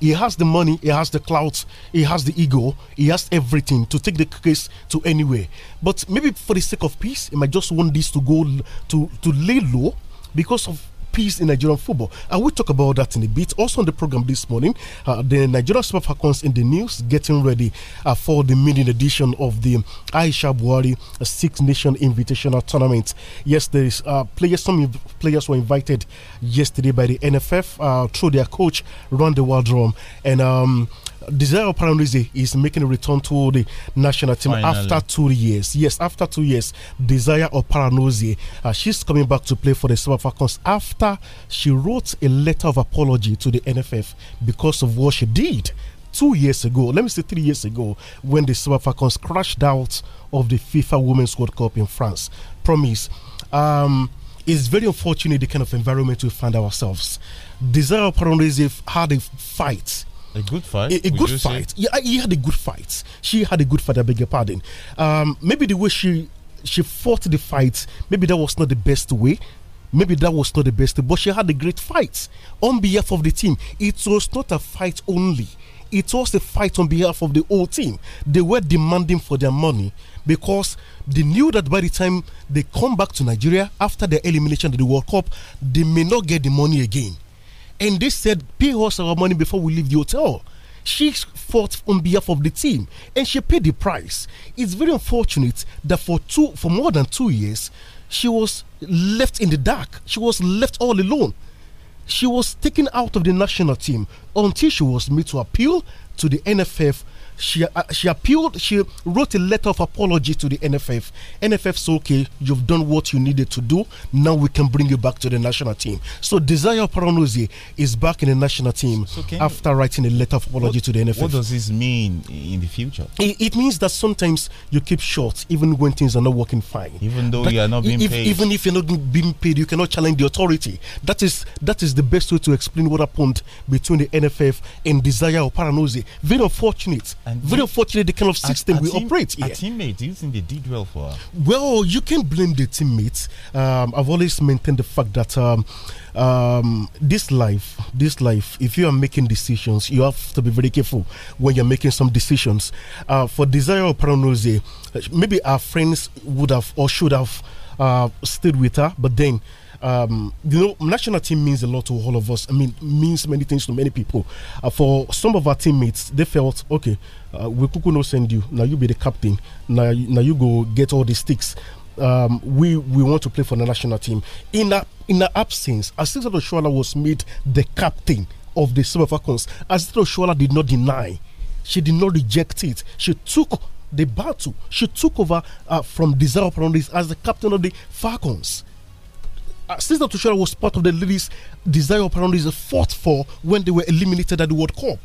Speaker 12: he has the money, he has the clout, he has the ego, he has everything to take the case to anywhere. But maybe for the sake of peace, he might just want this to go to to lay low because of peace in Nigerian football. I will talk about that in a bit. Also on the program this morning, uh, the Nigerian Super Falcons in the news, getting ready uh, for the maiden edition of the Aisha Buhari Six Nation Invitational Tournament. Yes, there is uh, players. Some players were invited yesterday by the NFF uh, through their coach Ron World Waldron, and. Um, Desire Paralise is making a return to the national team Finally. after two years. Yes, after two years, Desire of uh, she's coming back to play for the Super Falcons after she wrote a letter of apology to the NFF because of what she did two years ago, let me say three years ago, when the Super Falcons crashed out of the FIFA Women's World Cup in France. Promise. Um, it's very unfortunate the kind of environment we find ourselves. Desire Parondese had a fight
Speaker 2: a good fight. A, a good fight.
Speaker 12: Say? Yeah, he had a good fight. She had a good fight. I beg your pardon. Um, maybe the way she she fought the fight, maybe that was not the best way. Maybe that was not the best, but she had a great fight on behalf of the team. It was not a fight only. It was a fight on behalf of the whole team. They were demanding for their money because they knew that by the time they come back to Nigeria after their elimination of the World Cup, they may not get the money again and they said, pay us our money before we leave the hotel. She fought on behalf of the team and she paid the price. It's very unfortunate that for two for more than two years, she was left in the dark. She was left all alone. She was taken out of the national team until she was made to appeal to the NFF she uh, she appealed. She wrote a letter of apology to the NFF. NFF said, "Okay, you've done what you needed to do. Now we can bring you back to the national team." So Desire Paranozi is back in the national team so after you, writing a letter of apology what, to the NFF. What does
Speaker 2: this mean in the future?
Speaker 12: It, it, means that sometimes you keep short, even when things are not working fine. Even though that you are not being if, paid. Even if you're not being paid, you cannot challenge the authority. That is that is the best way to explain what happened between the NFF and Desire Paranozi. Very unfortunate
Speaker 2: and Very they, unfortunately, the kind of system our, we team, operate. A teammate, teammates, do you think they did well for her?
Speaker 12: Well, you can blame the teammates. Um, I've always maintained the fact that um, um, this life, this life, if you are making decisions, you have to be very careful when you're making some decisions. Uh, for Desire or Paranoia, uh, maybe our friends would have or should have uh, stayed with her, but then um, you know, national team means a lot to all of us. I mean, means many things to many people. Uh, for some of our teammates, they felt, okay, uh, we could not send you. Now you be the captain. Now, now you go get all the sticks. Um, we we want to play for the national team. In a, in the absence, Asisa Oshola was made the captain of the Super Falcons. Asisa Oshola did not deny. She did not reject it. She took the battle. She took over uh, from Desire Fernandez as the captain of the Falcons uh, Cesar Tuchel was part of the ladies' desire Parandis fought for when they were eliminated at the World Cup.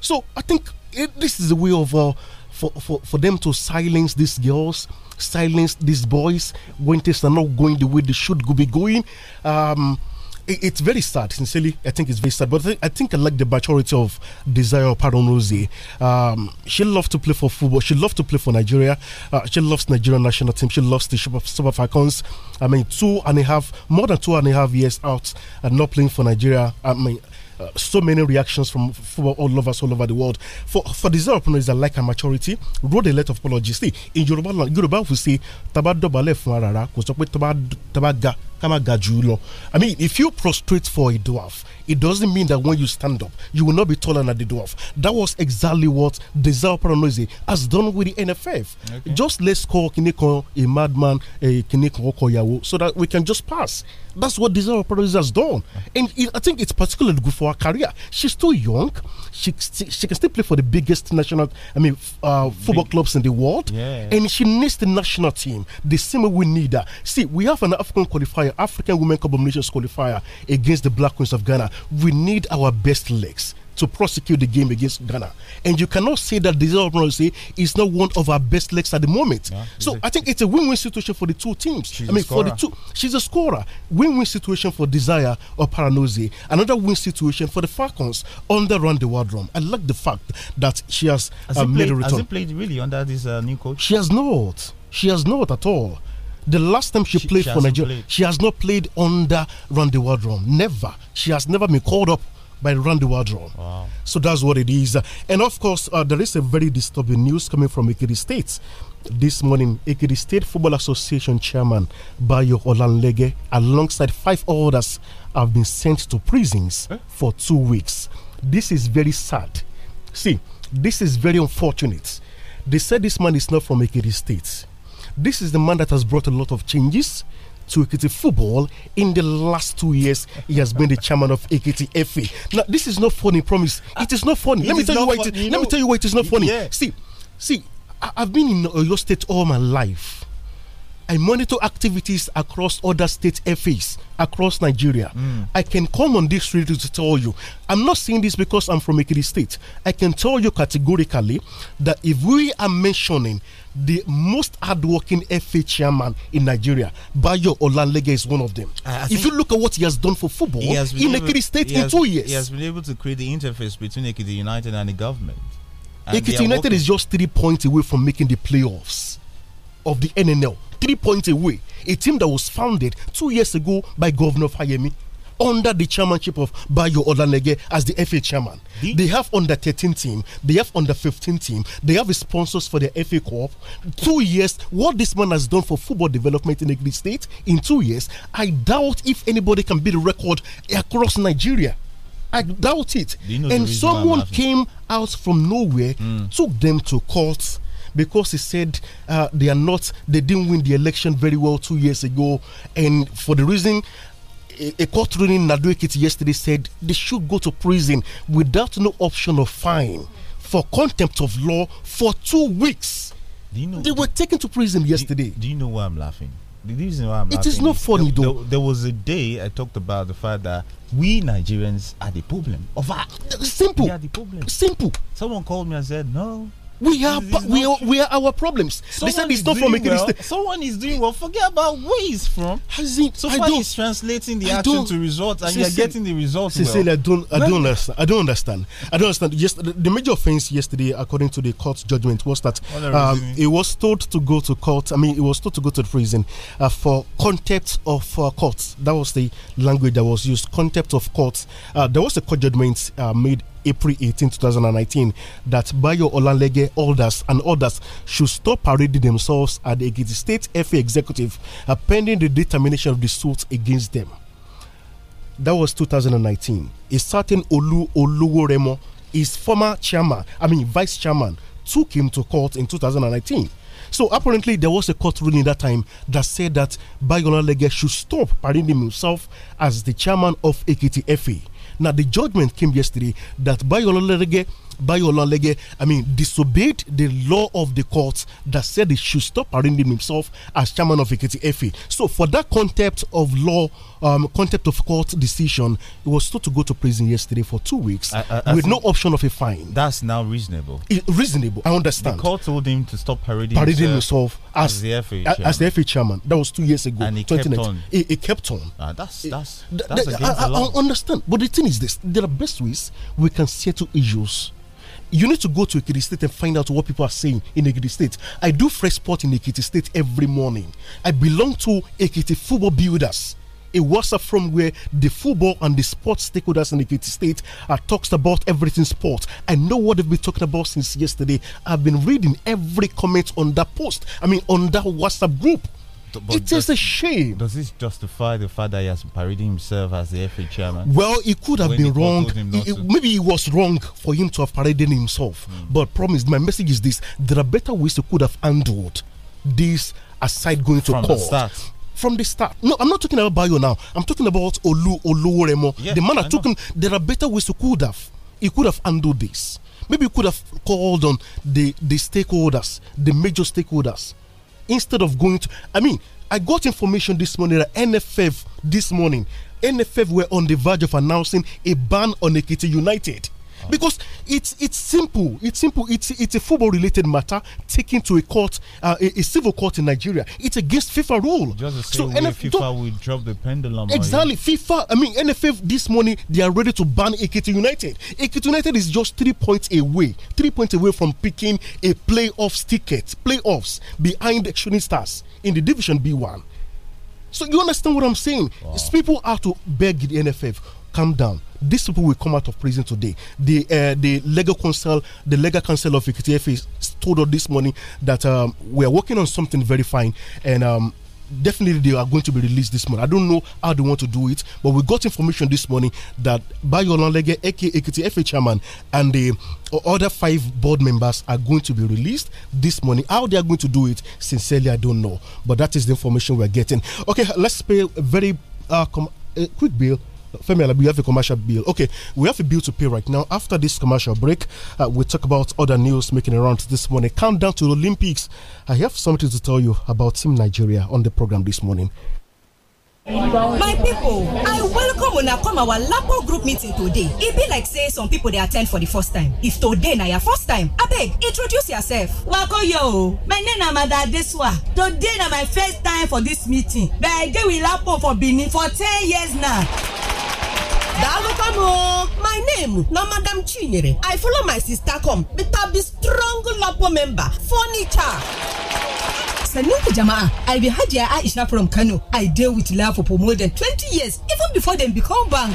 Speaker 12: So I think it, eh, this is a way of uh, for, for for them to silence these girls, silence these boys when things are not going the way they should be going. Um, it's very sad, sincerely. I think it's very sad, but I think, I, think I like the maturity of Desire Paronose. Um, she loved to play for football. She loved to play for Nigeria. Uh, she loves Nigerian national team. She loves the Super Falcons. I mean, two and a half, more than two and a half years out and not playing for Nigeria. I mean, uh, so many reactions from football all lovers all over the world. For for Desire Paronose, I like her maturity. Wrote a letter of apology. See, in Yoruba, Yoruba will say, "Taba dobale fun arara," ko so pe taba ga Gajulo, I mean, if you prostrate for a dwarf, it doesn't mean that when you stand up, you will not be taller than the dwarf. That was exactly what Desire Paranoise has done with the NFF. Okay. Just let's call Kineko a madman, a Kineko Okoyawo, so that we can just pass. That's what Desire Paranoise has done. And it, I think it's particularly good for her career. She's too young. She, she can still play for the biggest national, I mean, uh, football Big. clubs in the world. Yeah. And she needs the national team, the same we need her. See, we have an African qualifier qualifier, African Women Cup of Nations qualifier against the Black Queens of Ghana. We need our best legs to prosecute the game against Ghana. And you cannot say that the Oronse is not one of our best legs at the moment. Yeah, so I think it's a win-win situation for the two teams. She's I mean, for the two, she's a scorer. Win-win situation for Desire or Paranozi. Another win situation for the Falcons under Run the World Room. I like the fact that she has, has uh, made played, a return. Has he
Speaker 2: played really under this uh, new coach? She
Speaker 12: has not. She has not at all. The last time she, she played she for Nigeria, played. she has not played under Randy Wardrum. Never. She has never been called up by Randy Wardrum. Wow. So that's what it is. And of course, uh, there is a very disturbing news coming from Ikiri State. This morning, Ikiri State Football Association chairman Bayo Olanlege, alongside five others, have been sent to prisons eh? for two weeks. This is very sad. See, this is very unfortunate. They said this man is not from Ikiri State this is the man that has brought a lot of changes to Ekiti football in the last two years. He has been the chairman of Ekiti FA. Now, this is not funny, promise. It is not funny. It let me tell you why. you let know, me tell you why it is not funny. Yeah. See, see, I, have been in your State all my life. I monitor activities across other state FAs across Nigeria. Mm. I can come on this radio to tell you. I'm not saying this because I'm from Ikiri State. I can tell you categorically that if we are mentioning the most hardworking FA chairman in Nigeria, Bayo Olanlege is one of them. if you look at what he has done for football in Ikiri State in has, two years, he has
Speaker 2: been able to create the interface between Ikiri United and the government. And United is
Speaker 12: just three points away from making the playoffs of the NNL three points away. A team that was founded two years ago by Governor Fayemi under the chairmanship of Bayo Olanege as the FA chairman. The? They have under 13 team, they have under 15 team, they have sponsors for the FA Cup. Two years, what this man has done for football development in the state in two years, I doubt if anybody can beat the record across Nigeria. I doubt it. You know and someone came out from nowhere, mm. took them to court because he said uh, they are not, they didn't win the election very well two years ago, and for the reason a court ruling in Naduikiti yesterday said they should go to prison without no option of fine for contempt of law for two weeks. Do you know they were taken to prison yesterday. Do, do you
Speaker 2: know why I'm laughing? The reason why I'm it laughing is not funny there, though. There, there, was a day I talked about the fact that we Nigerians are the problem of our simple. We are the problem. Simple. Someone called me and said, "No, we are we are, we are our problems. Someone they said it's not making well. Someone is doing well. Forget about where he's from. I translating the I action to results, and you're getting the results. Cecilia, well. I don't I don't understand.
Speaker 12: I don't understand. I don't understand. Yes, the, major offense yesterday, according to the court's judgment, was that um, it was told to go to court. I mean, it was told to go to prison uh, for contempt of uh, court. That was the language that was used. Contempt of court. Uh, there was a court judgment uh, made April 18, 2019, that Bayo Olanlege orders and others should stop parading themselves at the Ekiti State FA executive uh, pending the determination of the suit against them. That was 2019. A certain Olu Oluworemo, his former chairman, I mean vice chairman, took him to court in 2019. So apparently there was a court ruling that time that said that Bayola Lege should stop parading himself as the chairman of AKTFA. Now, the judgment came yesterday that Bayola Lerege. Bayola Lege, I mean, disobeyed the law of the courts that said he should stop parading himself as chairman of AKTFA. So, for that concept of law, um, concept of court decision, he was told to go to prison yesterday for two weeks I, I, with I no option of a fine.
Speaker 2: That's now reasonable. It, reasonable, I understand. The court told him to stop parading, parading himself, as, as, the FA chairman. as
Speaker 12: the FA chairman. That was two years ago. And he kept on. He, kept on.
Speaker 2: Ah, that's that's, that's against I, the law.
Speaker 12: I understand, but the thing thing is this there are best ways we can settle issues you need to go to Ekiti State and find out what people are saying in Ekiti State. I do fresh sport in Ekiti State every morning. I belong to Ekiti Football Builders, a WhatsApp from where the football and the sports stakeholders in Ekiti State are talks about everything sport. I know what they've been talking about since yesterday. I've been reading every comment on that post. I mean, on that WhatsApp group
Speaker 2: but it a shame. Does this justify the fact that he has paraded himself as the FA chairman? Well, it could have been wrong. It, maybe
Speaker 12: it was wrong for him to have paraded himself. Mm. But promise, my message is this: there are better ways you could have handled this aside going to From court from the start. No, I'm not talking about Bayo now. I'm talking about Olu Oluworemo. Yeah, the man I'm talking. There are better ways to could have. He could have undone this. Maybe he could have called on the the stakeholders, the major stakeholders, instead of going to. I mean, I got information this morning that NFF this morning NFF were on the verge of announcing a ban on Ekiti United because it's it's simple. It's simple. It's it's a football related matter taken to a court, uh, a, a, civil court in Nigeria. It's against FIFA rule. Just the same so way NF FIFA
Speaker 2: will drop the pendulum. Exactly.
Speaker 12: FIFA. I mean NFF this morning they are ready to ban Ekiti United. Ekiti United is just three points away, three points away from picking a playoffs ticket, playoffs behind the Stars in the Division B one. So you understand what I'm saying? Wow. People have to beg the NFF calm down. These people will come out of prison today. The uh, the legal council, the legal council of EKTF told us this morning that um, we are working on something very fine and. Um, definitely they are going to be released this month. I don't know how they want to do it, but we got information this morning that Bayolan Lege, aka EKTFA chairman, and the other five board members are going to be released this morning. How they are going to do it, sincerely, I don't know. But that is the information we're getting. Okay, let's pay a very uh, a quick bill Femi, we have a commercial bill. Okay, we have a bill to pay right now. After this commercial break, uh, we we'll talk about other news making around this morning. Countdown to the Olympics. I have something to tell you about Team Nigeria on the program this morning.
Speaker 13: my people, i welcome when I come our lapo group meeting today It be like say some people they attend for the first time if today na your first time I beg introduce yourself. Wako yo, my name is mada adesuwa today na my first time for this meeting but i dey with lapo for benin for ten years now daalụkwanụ my name na madam chinyere i follow my sister come bita be strong lopo member furniture sannan ku jama'a i be hajiya aisha from kano i deal with lapo for more than 20 years even before them become bank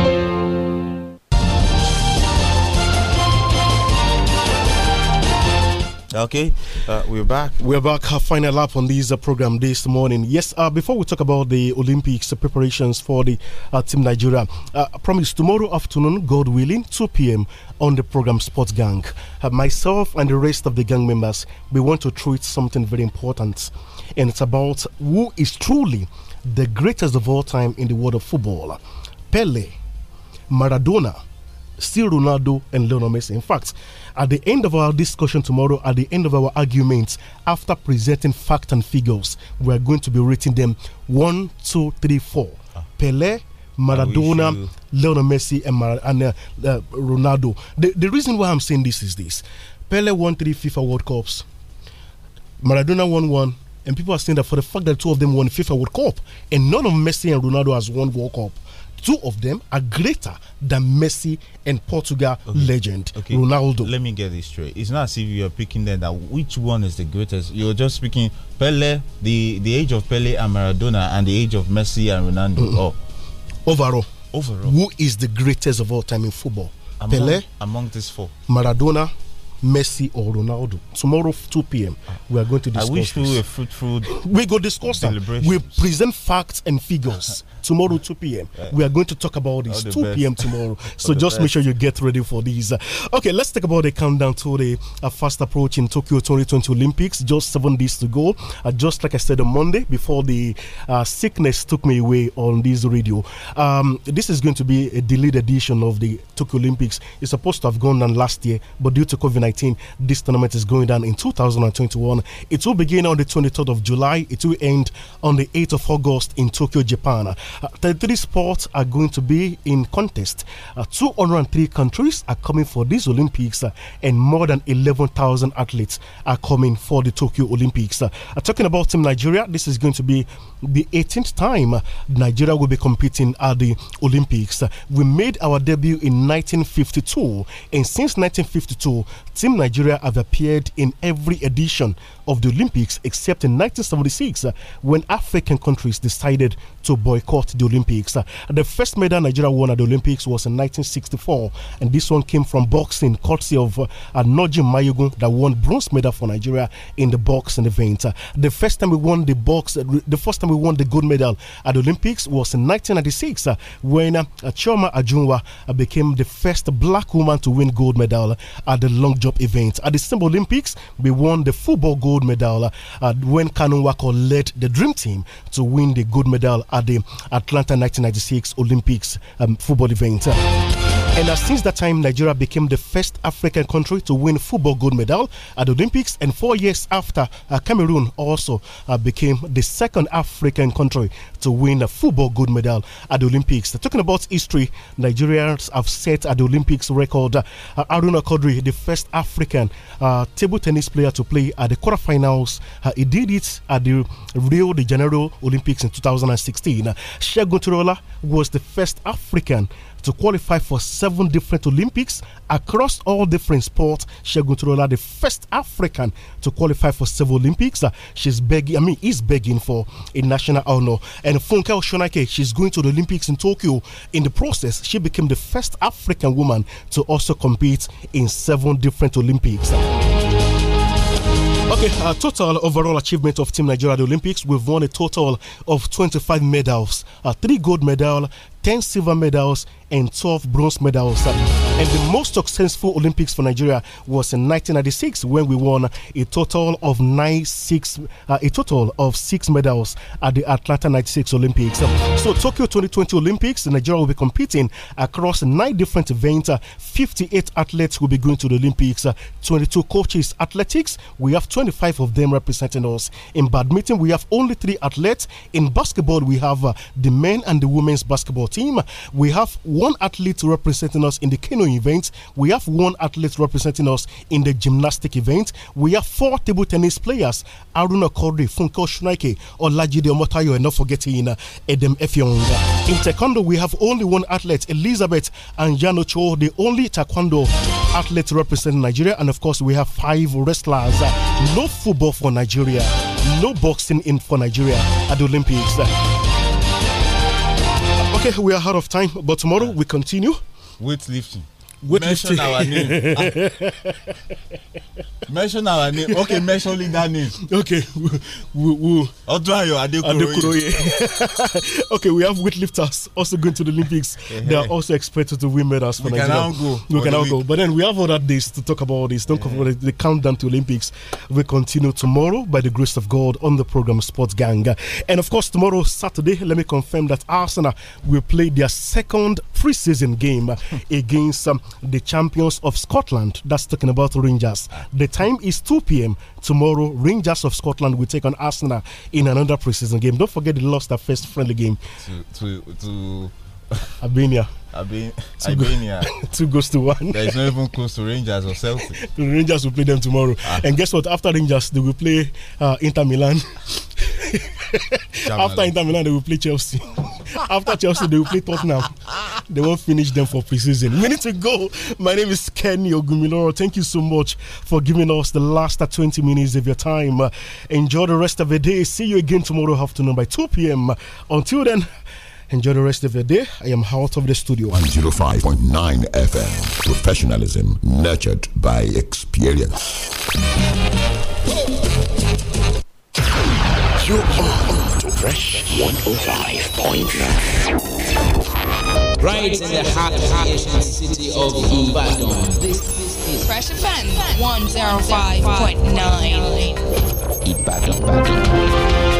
Speaker 2: Okay, uh, we're back. We're back.
Speaker 12: Our final lap on this uh, program this morning. Yes, uh, before we talk about the Olympics preparations for the uh, Team Nigeria, uh, I promise tomorrow afternoon, God willing, 2 p.m. on the program Sports Gang, uh, myself and the rest of the gang members, we want to treat something very important, and it's about who is truly the greatest of all time in the world of football Pele, Maradona, still Ronaldo, and Lionel Messi. In fact, at the end of our discussion tomorrow, at the end of our arguments, after presenting facts and figures, we are going to be rating them one, two, three, four. Ah. Pele, Maradona, Lionel Messi, and, Mar and uh, uh, Ronaldo. The, the reason why I'm saying this is this Pele won three FIFA World Cups, Maradona won one. And people are saying that for the fact that two of them won FIFA World Cup, and none of Messi and Ronaldo has won World Cup, two of them are greater than Messi and Portugal okay. legend
Speaker 2: okay. Ronaldo. Let me get this straight. It's not as if you're picking them that which one is the greatest. You're just picking Pele, the, the age of Pele and Maradona, and the age of Messi and Ronaldo. Mm Oh. Overall.
Speaker 12: Overall. Who is the greatest of all time in football? Among, Pele?
Speaker 2: Among these four.
Speaker 12: Maradona, Messi or Ronaldo. Tomorrow, 2 p.m., ah. we are going to discuss. I wish we were fruitful. we go discuss We present facts and figures. [LAUGHS] tomorrow 2 p.m. Yeah. We are going to talk about this 2 p.m. tomorrow. [LAUGHS] so just best. make sure you get ready for these. Okay, let's talk about the countdown to the uh, fast approach in Tokyo 2020 Olympics. Just seven days to go. Uh, just like I said on Monday, before the uh, sickness took me away on this radio. Um, this is going to be a delayed edition of the Tokyo Olympics. It's supposed to have gone down last year, but due to COVID 19, this tournament is going down in 2021. It will begin on the 23rd of July. It will end on the 8th of August in Tokyo, Japan. Uh, 33 sports are going to be in contest. Uh, 203 countries are coming for these Olympics, uh, and more than 11,000 athletes are coming for the Tokyo Olympics. Uh, uh, talking about Team Nigeria, this is going to be the 18th time Nigeria will be competing at the Olympics. Uh, we made our debut in 1952, and since 1952, Team Nigeria have appeared in every edition of the Olympics except in 1976 uh, when African countries decided to boycott the Olympics. Uh, the first medal Nigeria won at the Olympics was in 1964, and this one came from boxing, courtesy of uh, Noji Mayugun, that won bronze medal for Nigeria in the boxing event. Uh, the first time we won the box, the first time we won the gold medal at the Olympics was in 1996 when uh, Ajunwa became the first black woman to win gold medal at the long jump event. At the same Olympics, we won the football gold gold medal uh, uh, when Kanu Wako led the Dream Team to win the gold medal at the Atlanta 1996 Olympics um, football event. And since that time, Nigeria became the first African country to win football gold medal at the Olympics. And four years after, uh, Cameroon also uh, became the second African country to win a football gold medal at the Olympics. Talking about history, Nigerians have set at the Olympics record. Uh, Aruna Kodri, the first African uh, table tennis player to play at the quarterfinals, uh, he did it at the Rio de Janeiro Olympics in 2016. Uh, Shegun was the first African to qualify for seven different Olympics across all different sports. Shegun Turola, the first African to qualify for seven Olympics, uh, she's begging, I mean, is begging for a national honor. And Funke Oshonake, she's going to the Olympics in Tokyo. In the process, she became the first African woman to also compete in seven different Olympics. Okay, total overall achievement of Team Nigeria at the Olympics, we've won a total of 25 medals, uh, three gold medals. 10 silver medals and 12 bronze medals. And the most successful Olympics for Nigeria was in 1996 when we won a total of nine six uh, a total of six medals at the Atlanta 96 Olympics. So Tokyo 2020 Olympics, Nigeria will be competing across nine different events. 58 athletes will be going to the Olympics. 22 coaches athletics. We have 25 of them representing us. In badminton, we have only three athletes. In basketball, we have uh, the men and the women's basketball team. We have one athlete representing us in the canoe event. We have one athlete representing us in the gymnastic event. We have four table tennis players Aruna Kori, Funko Shunaike, Olajide Omotayo, and not forgetting uh, Edem Efionga. In taekwondo, we have only one athlete, Elizabeth and Cho, the only taekwondo athlete representing Nigeria. And of course, we have five wrestlers. Uh, no football for Nigeria. No boxing in for Nigeria at the Olympics. Uh, Okay, we are out of time, but tomorrow yeah. we continue. Weightlifting mention our name. Ah. mention our name. Okay, mention that name. Okay, we we. Adekuroye. [LAUGHS] okay, we have weightlifters also going to the Olympics. they are also expected to win medals for we Nigeria. Can go we can now go. But then we have other days to talk about all this. Don't yeah. the countdown to Olympics. We continue tomorrow by the grace of God on the program Sports Gang, and of course tomorrow Saturday. Let me confirm that Arsenal will play their second preseason game [LAUGHS] against. Um, the champions of Scotland. That's talking about Rangers. The time is 2 p.m. tomorrow. Rangers of Scotland will take on Arsenal in another preseason game. Don't forget they lost their first friendly game
Speaker 2: to to, to
Speaker 12: Albania. I've been. two goals [LAUGHS] to one. There is not
Speaker 2: even close to Rangers or Celtic.
Speaker 12: [LAUGHS] the Rangers will play them tomorrow. Ah. And guess what? After Rangers, they will play uh, Inter Milan. [LAUGHS] After Inter Milan, they will play Chelsea. After Chelsea, they will play Tottenham. They won't finish them for preseason. We need to go. My name is Kenny Ogumiloro. Thank you so much for giving us the last 20 minutes of your time. Uh, enjoy the rest of the day. See you again tomorrow afternoon by 2 p.m. Until then, Enjoy the rest of your day. I am out of the studio.
Speaker 8: 105.9 FM. Professionalism nurtured by experience.
Speaker 7: You are on to Fresh 105.9.
Speaker 10: Right in the heart of the city of Ibadan. This
Speaker 13: is Fresh FM. 105.9. Ibadan. Ibadan.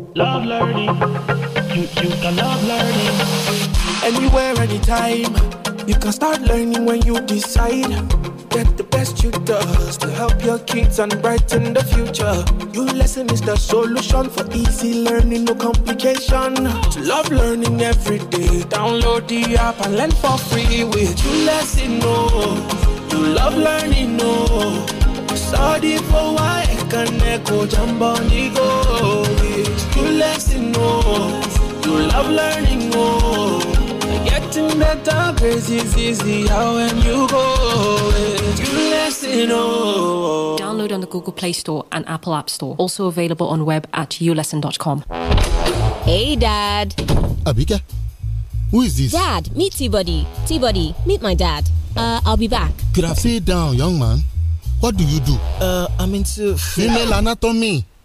Speaker 6: love learning.
Speaker 15: You, you can love learning.
Speaker 13: Anywhere, anytime.
Speaker 6: You can start learning when you decide. Get the best you does to help your kids and brighten the future. Your lesson is the solution for easy learning, no complication. To love learning every day. Download the app and learn for free with your lesson. No, oh. you love learning. No, oh. for why I can echo jump on the go. You lesson more, to love learning more. Getting better, grace is easier when you go. lesson
Speaker 13: Download on the Google Play Store and Apple App Store. Also available on web at ulesson.com. Hey, Dad.
Speaker 10: Abika, who is this?
Speaker 13: Dad, meet T-Buddy. t meet my dad. Uh, I'll be back.
Speaker 10: Could I sit down, young man? What do you do? Uh, I'm into female anatomy.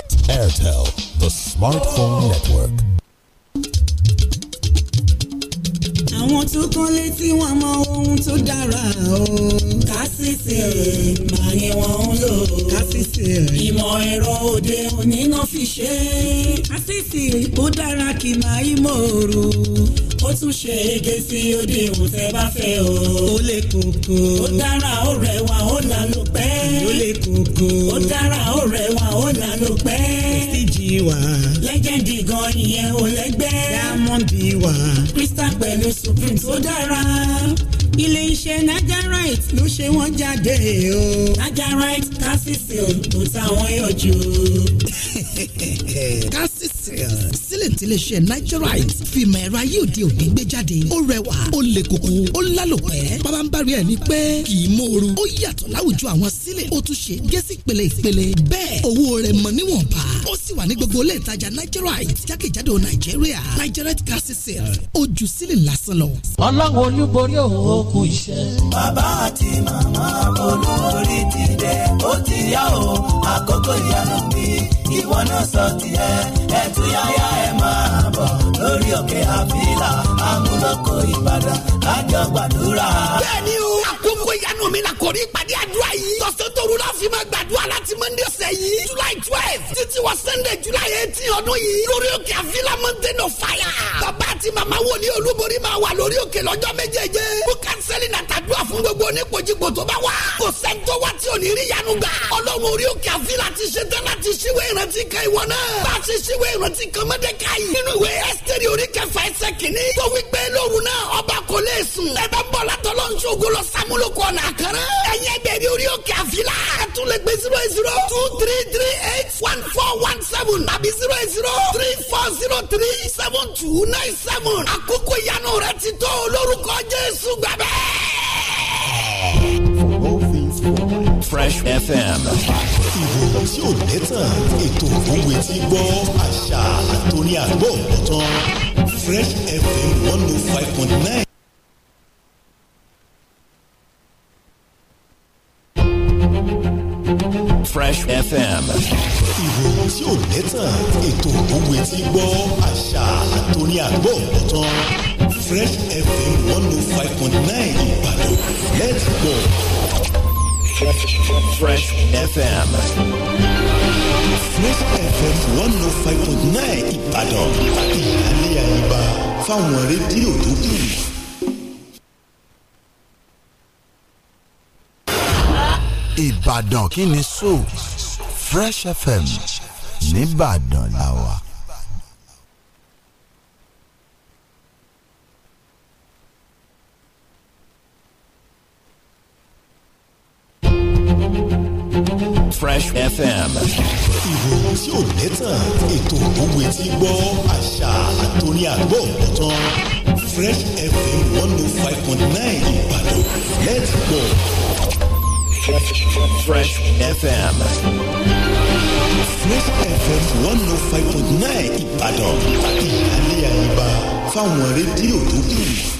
Speaker 9: what?
Speaker 7: Airtel, the smartphone
Speaker 2: network.
Speaker 9: àwọn tó kán létí wọn mọ ohun tó dára o. kásìsì máa ni wọ́n ń lò. kásìsì
Speaker 15: ìmọ̀ ẹ̀rọ
Speaker 9: òde òní náà fi ṣe. kásìsì ó dára kì máa ń ó tún ṣe ege sí odi ìwò tẹ́ bá fẹ́ o.
Speaker 1: ó lè kókó. ó dára ó rẹwà ó lànà pẹ́. ó lè kókó. ó dára ó rẹwà ó lànà pẹ́. prestige wà. lẹ́gẹ̀dì gan ìyẹn ò
Speaker 16: lẹ́gbẹ́. diamond wà. crystal
Speaker 9: pẹ̀lú supreme tó dára ilé iṣẹ́ Nigerite ló ṣe wọ́n jáde o. Nigerite calcium kò táwọn yọjú. [LAUGHS] sílẹ̀ tí iléeṣẹ́ nigerite fìmọ̀ ẹ̀rọ ayé òde òní gbé jáde ó rẹwà ó lè kókó ó lálòpẹ́ bàbá ń bá rí ẹ̀ ní pẹ́ kì í mòoru ó yàtọ̀ láwùjọ àwọn sílẹ̀ ó tún ṣe gẹ́sì pèlè ìpèlè bẹ́ẹ̀ owó rẹ̀ mọ̀ níwọ̀nba ó sì wà ní gbogbo ilé ìtajà nigerite jákèjádò nàìjíríà nigerite gas sale ojú sílẹ̀ lásán lọ. ọlọ́run olúborí òun kú iṣẹ́. bàbá àti màmá olórí ti dé ó ti yá o mi ìwọ náà sọ ẹ̀túyáyá ẹ̀ máa bọ̀ lórí òkè àfílà àmúlòkọ ìbàdàn lájọ gbàdúrà. bẹ́ẹ̀ni o àánú mi la kò rí ìpàdé àdúrà yìí. tọ̀sán tòru la fi máa gbàdúrà láti monday ọ̀sẹ̀ yìí july twelve títí wọ sunday july eighteen ọdún yìí lórí òkè àfilà mountain of fire. bàbá àti màmá wòlíì olúborí máa wà lórí òkè lọ́jọ́ méjèèjì. kó kánsẹ́lì nàtàdúrà fún gbogbo oníkojúkò tó bá wà. kò sẹ́ńtọ́ wá tí ò ní rí yanu gbà. ọlọ́run orí òkè àfilà ti ṣe tán láti ṣíwé ìrántí kan ìwọ náà. bá a ṣe ṣíwé ìrántí kan mọ́dẹ́káyì. nínú ìwé ẹ́sítẹ́rì orí kẹfà ẹsẹ̀ kìíní. tó wípé lóru náà ọba àkàrà. ẹ̀yin ẹgbẹ́ mi orí òkè àfilà. ẹ tún lè gbé zero zero two three three eight one four one seven tàbí zero zero three four zero three seven two nine seven. àkókò ìyanu rẹ ti tó olórúkọ Jésù gbàgbẹ́.
Speaker 11: Fresh FM
Speaker 12: ìròyìn
Speaker 7: tí ò lẹ́tàn ètò òwe tí gbọ́ àṣà àtòrí àgbọ̀ ọ̀tán Fresh FM one oh five point nine. Fresh FM. ìròyìn tí ò lẹ́tàn ètò òwe tí gbọ́ àṣà àtòrí àgbọ̀ ọ̀tán Fresh FM one oh five point nine Ìbàdàn let's go. Fresh FM. Fresh FM one oh five point nine Ìbàdàn ìyáálé
Speaker 8: àyíbá fáwọn rédíò tó kù. Ìbàdàn kí ni so
Speaker 7: Fresh FM nìbàdàn la wà. Fresh FM. ìròyìn tí ò lẹ́tàn ètò òwe tí gbọ́ àṣà àtòrí àgbọ̀ ọ̀tán Fresh FM one oh five point nine Ìbàdàn let's go. Fresh FM. Fresh FM one oh five point nine Ìbàdàn
Speaker 10: ìyáálé àyíbá fáwọn rédíò tó kù.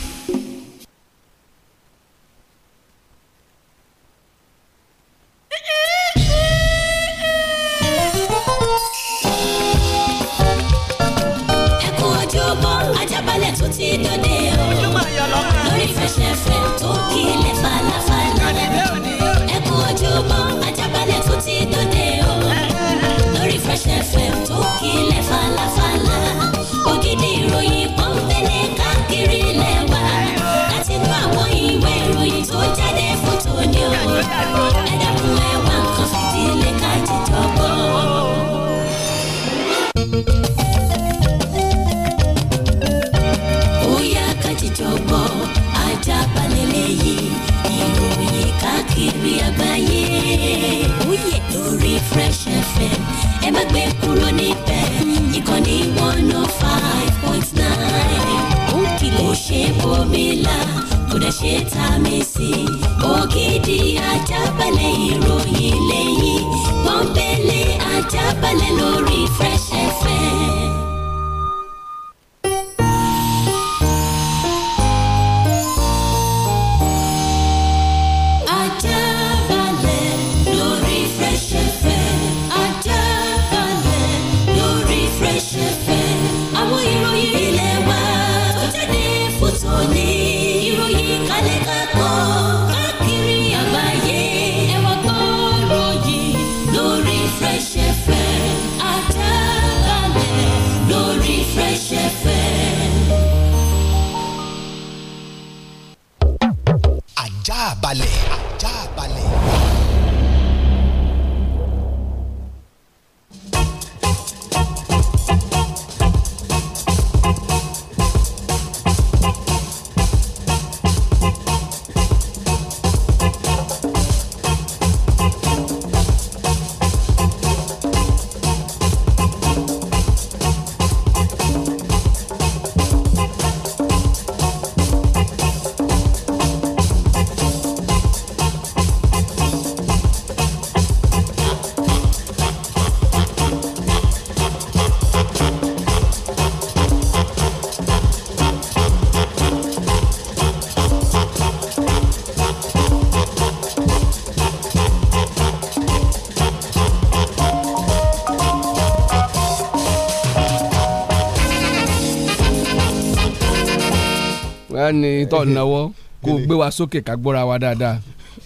Speaker 17: wọ́n ní tọ́ náwó kó gbé wa sókè ká gbọ́ra wa dáadáa.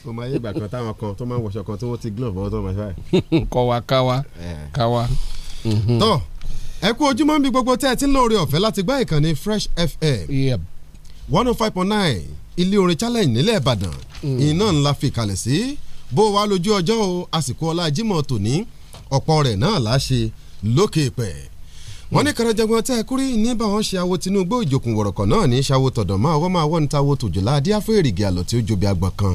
Speaker 18: mo máa yé ìgbà kan táwọn kan tó máa ń wọṣọ kan tí wọ́n ti glove ọ̀tọ̀ máa ṣáà. [LAUGHS] kọ wa ká wa eh. ká wa. Mhm. tọ́ ẹ kú ojúmọ́ níbi gbogbo tẹ́ ẹ ti ń lóore ọ̀fẹ́ láti gbá ìkànnì fresh fm one oh five point nine ilé orin challenge nílẹ̀ ìbàdàn mm. iná ńlá fi kalẹ̀ sí bó wa lójú ọjọ́ o àsìkò ọlá jímọ̀ tòní ọ̀pọ̀ rẹ̀ náà láṣe lókè pẹ̀ wọ́n ní kẹrẹjẹgbọn tẹ́ ẹ kúrí ní báwọn ṣe awo Tinubu ìjòkùn wọ̀rọ̀kọ̀ náà ní ṣàwo tọ̀dọ̀ máa wọ́n máa wọ́n níta wo tòjòlá adíáfẹ́ èrìgì àlọ́ tí ó jobi àgbọ̀n kan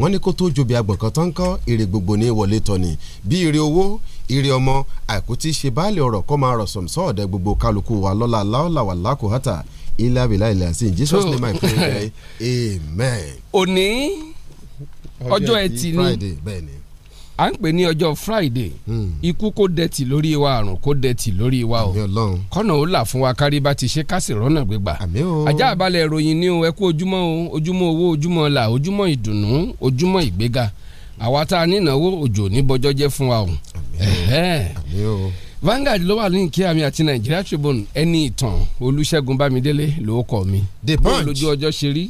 Speaker 18: wọ́n ní kó tó jobi àgbọ̀n kan tán kọ́ èrè gbogbo ní wọlé tọ̀nì bí ire owó ire ọmọ àìkú ṣe báàlì ọ̀rọ̀ kọ́ máa rọ̀sọ̀m sọ́ọ̀dẹ gbogbo kálukú wa lọ́la láọ́là wà lákòóhátà Jesus name I pray
Speaker 17: [LAUGHS] amen. òní ọjọ́ ẹtì ni à ń pè ní ọjọ́ Friday hmm. ikú kó dẹ̀tì lórí wa àrùn kó dẹ̀tì lórí wa o kọ́nà ó là fún wa kárí bá ti ṣe kásì rọ́nà gbégbà ajá àbálẹ̀ ìròyìn ní o ẹ kú ojúmọ́ o ojúmọ́ owó ojúmọ́ ọlà ojúmọ́ ìdùnnú ojúmọ́ ìgbéga àwa tá a nínáwó òjò níbọjọ́ jẹ́ fún wa o. Vanguard ló wà ní ìkí àmì àti Nigeria Tribune ẹni ìtàn Olúṣẹ́gun Bámidélé ló kọ mi. The Punch bó lójú ọjọ́ ṣe rí.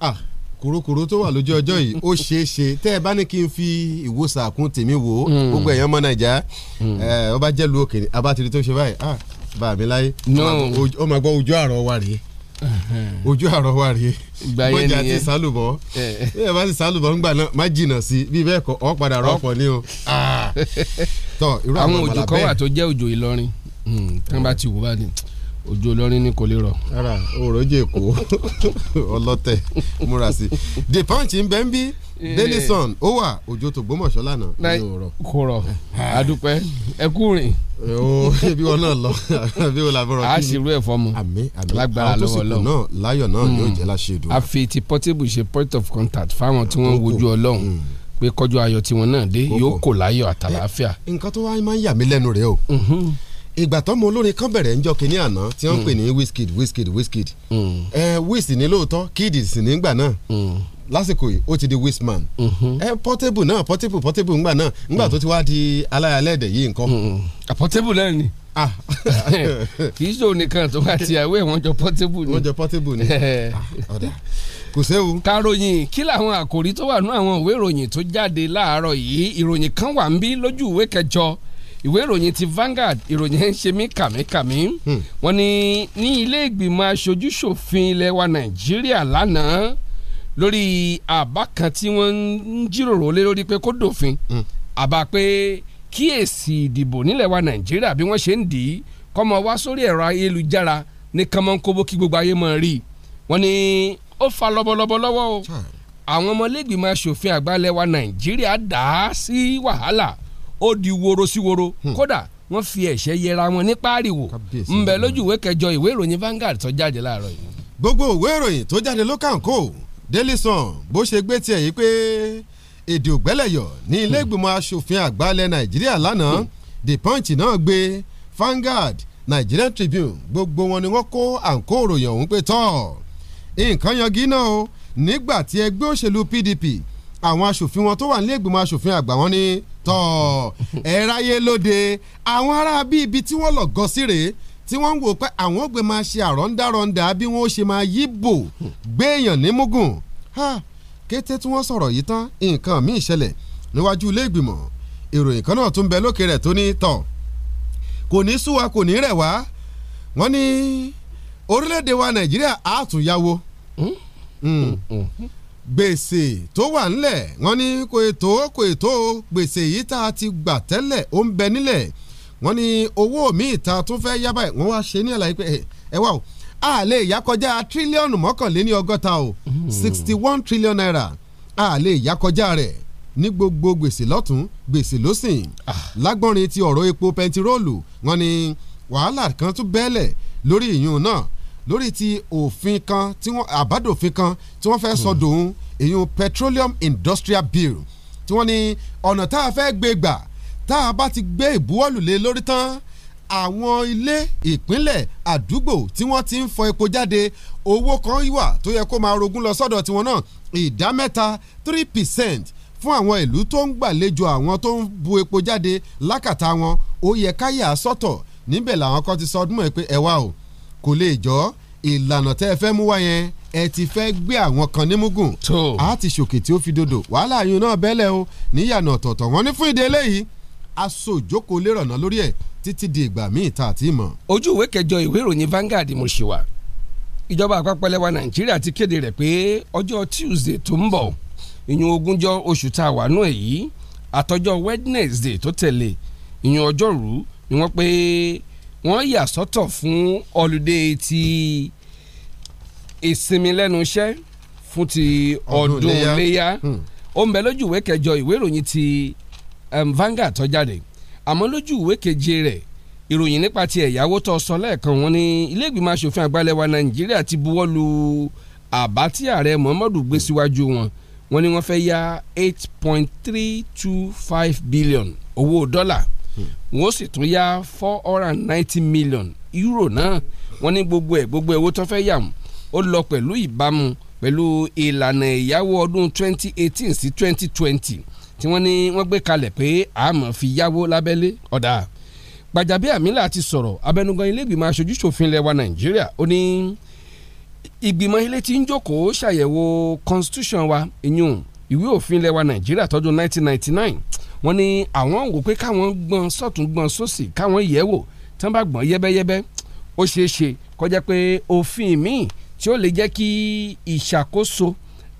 Speaker 17: ah kúrúkúrú tó wà lójú ọjọ́ yìí ó
Speaker 18: ṣeé ṣe tẹ́ ẹ bá ní kí n fi ìwòsàn kún tèmi wò ó hmm. gbogbo èèyàn ọmọ nàìjà ó hmm. bá jẹ́ lu òkèèrè abátiri tó ṣe báyìí ah bá a mi láyé ó máa gbọ́ ojú àárọ̀ wa rèé hmm. ojú àárọ̀ wa rèé bọ́jà ti sálùbọ̀ eh. bí ẹ bá ti sálùbọ̀ ńgbà náà má jìnnà sí bí bẹ́ẹ̀ kọ́ ọ padà rọ́pọ̀ ní o. Ah. [LAUGHS] àwọn òjò kan wà tó
Speaker 17: jẹ́ òjò Ìlọrin tí wọ́n bá ti wò bá ní ojú olórin ni kò lè rọ.
Speaker 18: rárá òròjì èkó [LAUGHS] ọlọ́tẹ̀ múra sí i the punch ń bẹ ń bí eh. denison ó wà òjò tó gbómọ̀ṣọ́ lánàá ní òrọ̀. kò rọ
Speaker 17: àdúpẹ́ ẹ kú rìn. ooo ebi wọn náà lọ àbí [LAUGHS] wọn làbọ̀rọ̀ kí a sì rú ẹ̀ fọ́ mu lágbára lọ́wọ́ lọ. àwọn tó sì kù náà láyọ̀ náà yóò hmm. jẹ́ láṣẹ ìdúró. a fi ti portable ṣe point of contact fáwọn tí wọ́n ń wojú ọlọ́run hmm. pé kọjú ayọ̀ tiwọn náà dé yóò kò láyọ̀ àtàlàáfíà.
Speaker 18: Eh, nǹkan tó wá máa ń yà mí lẹ́nu rẹ̀ o. Hmm ìgbà tọ́mọ olórin kan bẹ̀rẹ̀ ńjọ́ kínní àná tí wọ́n ń pè ní mm. Wizkid Wizkid Wizkid mm. ẹ Wiz ní lóòótọ́ Kid sì nígbà náà mm. lásìkò yìí ó ti di Wizman mm-hmm. ẹ Portable náà Portable Portable ńgbà náà ńgbà tó ti wá di
Speaker 17: aláyalẹ́dẹ̀ yìí nǹkan. Mm-hmm. Ah, Portable lẹ́yìn ni ah. [LAUGHS] kì í ṣòwò nìkan tó wá ti àwẹ̀ wọ́n jọ Portable ni. wọ́n jọ Portable ni [LAUGHS] eh. ah, ọ̀dà kò séwu. karòyìn kí làwọn àkòrí tó wà nú àwọn ìwé ìròyìn tó jáde láàárọ̀ yìí ìròyìn kan wà ń bí lójú ìwé kẹjọ ìwé ìròyìn ti Vanguard ìròyìn ń ṣe mí kàmíkàmí hmm. wọ́n ni ní ilé ìgbìmọ̀ aṣojúṣòfin ilẹ̀ wa Nàìjíríà lánàá lórí àbá kan tí wọ́n ń jíròrò lé lórí pé kó dòfin hmm. àbá pé kí ìdìbò nílẹ̀ wa Nàìjíríà bí wọ́n ṣe ń dì í kọ́mọ wá sórí ẹ̀rọ ayélujára ní kánmọ́nkóbó kí gbogbo ayé mọ̀ rí i wọ́n ní ó fa lọ́bọ̀lọ́bọ̀ lọ́wọ́ o àwọn ọmọlẹ́gbìmọ̀ aṣòfin àgbà ilẹ̀ wa Nàìjíríà dá sí wàhálà. Si ó di woro sí woro hmm. kódà wọ́n fi ẹ̀ṣẹ́ yẹra wọn ní páàriwo ńbẹ lójú kẹjọ ìwé ìròyìn Vanguard tó jáde láàárọ̀ yìí. gbogbo ìwé ìròyìn tó jáde ló kàn kó Daily Sun
Speaker 18: bó ṣe gbé tiẹ̀ yìí pé èdè ògbẹ́lẹ̀yọ̀ ní ilé hmm. ìgbìmọ̀ asòfin àgbà ilẹ̀ Nàìjíríà lánàá hmm. The Punch náà gbé Vanguard Nigerian Tribune gbogbo wọn ni wọ́n kó àǹkó òròyìn ọ̀hún pé tọ́ nǹkan yangi náà o nígbà tí ẹgbẹ́ òṣèlú PDP àwọn asòfin wọn tó wà nílé ìgbìmọ̀ asòfin àgbà wọn ni tọ́ ẹ ráyé lóde àwọn ará bí ibi tí wọ́n lọ gọ sí rèé tí wọ́n ń wò pé àwọn ògbé máa ṣe àrọ́ndárọ́ndá bí wọ́n ṣe máa yí bò gbéèyàn ní mugun kété tí wọ́n sọ̀rọ̀ yìí tán nǹkan míì ṣẹlẹ̀ níwájú ilé ìgbìmọ̀ ìròyìn kan náà tún bẹ lókè rẹ̀ tó ní tọ̀ kò ní sú wa kò ní rẹ̀ wá wọ́n ní orílẹ̀-èdè wa nàìjíríà á gbèsè tó wà ńlẹ̀ wọ́n ní kò ètò kò ètò gbèsè yìí tá a ti gbà tẹ́lẹ̀ ó ń bẹ nílẹ̀ wọ́n ní owó míì ta tó fẹ́ yá báyìí wọ́n wá ṣe ní àlàyé pé ẹ wá o a lè yá kọjá tírílíọ̀nù mọ́kànléní ọgọ́ta o hmm. sixty one trillion naira a lè yá kọjá rẹ̀ ní gbogbo gbèsè lọ́tún gbèsè lọ́sìn ah. lágbọ́nrin ti ọ̀rọ̀ epo pẹntiróòlù wọ́n ní wàhálà kan tún bẹ́ẹ̀lẹ̀ lórí ìyún náà lórí ti òfin kan tí wọ́n àbádòfin kan tí wọ́n fẹ́ sọ dòun hmm. èyun petroleum industrial bill tí wọ́n ní ọ̀nà tá a fẹ́ gbé gbà tá a bá ti gbé ìbuwọ́lù lé lórí tán àwọn ilé ìpínlẹ̀ àdúgbò tí wọ́n ti ń fọ epo jáde owó kan wà tó yẹ kó máa rogún lọ sọ́dọ̀ tiwọn náà ìdá mẹ́ta three percent fún àwọn ìlú tó ń gbàlejò àwọn tó ń bu epo jáde lákàtà wọn ó yẹ káyà sọ́tọ̀ níbẹ̀ làwọn kan ti sọ ọdún mọ́ ẹ pé ẹ wá o kò lè jọ ìlànà tẹ́ ẹ fẹ́ mú wá yẹn ẹ ti fẹ́ gbé àwọn kan ní mugun a ti ṣòkè tí ó fi dodo wàhálà yun náà bẹ́lẹ̀ o níyànà ọ̀tọ̀ọ̀tọ̀ wọn ní fún ìdí eléyìí
Speaker 17: aṣọ òjókòó lè rànà lórí ẹ̀ títí di ìgbà míì tá a ti mọ̀. ojú ìwé kẹjọ ìwé ìròyìn Vanguard mo ṣì wà ìjọba àpapọ̀ ilẹ̀ Nàìjíríà ti kéde rẹ̀ pé ọjọ́ Tuesday tó ń bọ̀ ìyún ogúnjọ́ oṣù tá a wà nù èyí àtọjọ́ Wednesday tó tẹ̀lé ìyún ọjọ́rú ni wọ́n pé wọ́n yà sọ́tọ̀ fún ọlùdé ti ìsinmi lẹ́nu iṣẹ́ fún ti ọdún léyà hmm. ó ń bẹ lójú ìwé kẹjọ ìwé ìròyìn ti Vanguard tó jáde àmọ́ lójú ìwé keje rẹ̀ ìròyìn nípa ti ẹ̀yáwó tó sọ lẹ́ẹ̀kan wọn ni ilé ìgbìmọ̀ asòfin àgbàlẹ̀ wa Nàìjíríà ti buwọ́ lu àbá tí ààrẹ Muhammadu gbé síwájú wọn wọn ni wọ́n fẹ́ ya eight point three two five billion owó dọ́là wọ́n sì tún yá four hundred and ninety million euro náà wọ́n ní gbogbo ẹ̀ gbogbo owó tó fẹ́ yà wọ́n ó lọ pẹ̀lú ìbámu pẹ̀lú ìlànà ìyáwó ọdún twenty eighteen sí twenty twenty tí wọ́n ní wọ́n gbé kalẹ̀ pé àmọ́ fi yáwó lábẹ́lé ọ̀dà Gbàjàbíàmílà ti sọ̀rọ̀ abẹnugan ilégbìmọ̀ aṣojúṣòfin lẹwa Nàìjíríà ó ní ìgbìmọ̀ ilé tí ń jókòó ṣàyẹ̀wò constitution wa ìyún ìwé òfin lẹwa Nàìjíríà tọdún nine wọ́n ní àwọn wò pé káwọn gbọ́n sọ́tún gbọ́n sósì káwọn yẹ̀ wò tí wọ́n bá gbọ́n yẹ́bẹ́yẹ́bẹ́ ó ṣeé ṣe kó jẹ́ pé òfin míì tí ó lè jẹ́ kí ìṣàkóso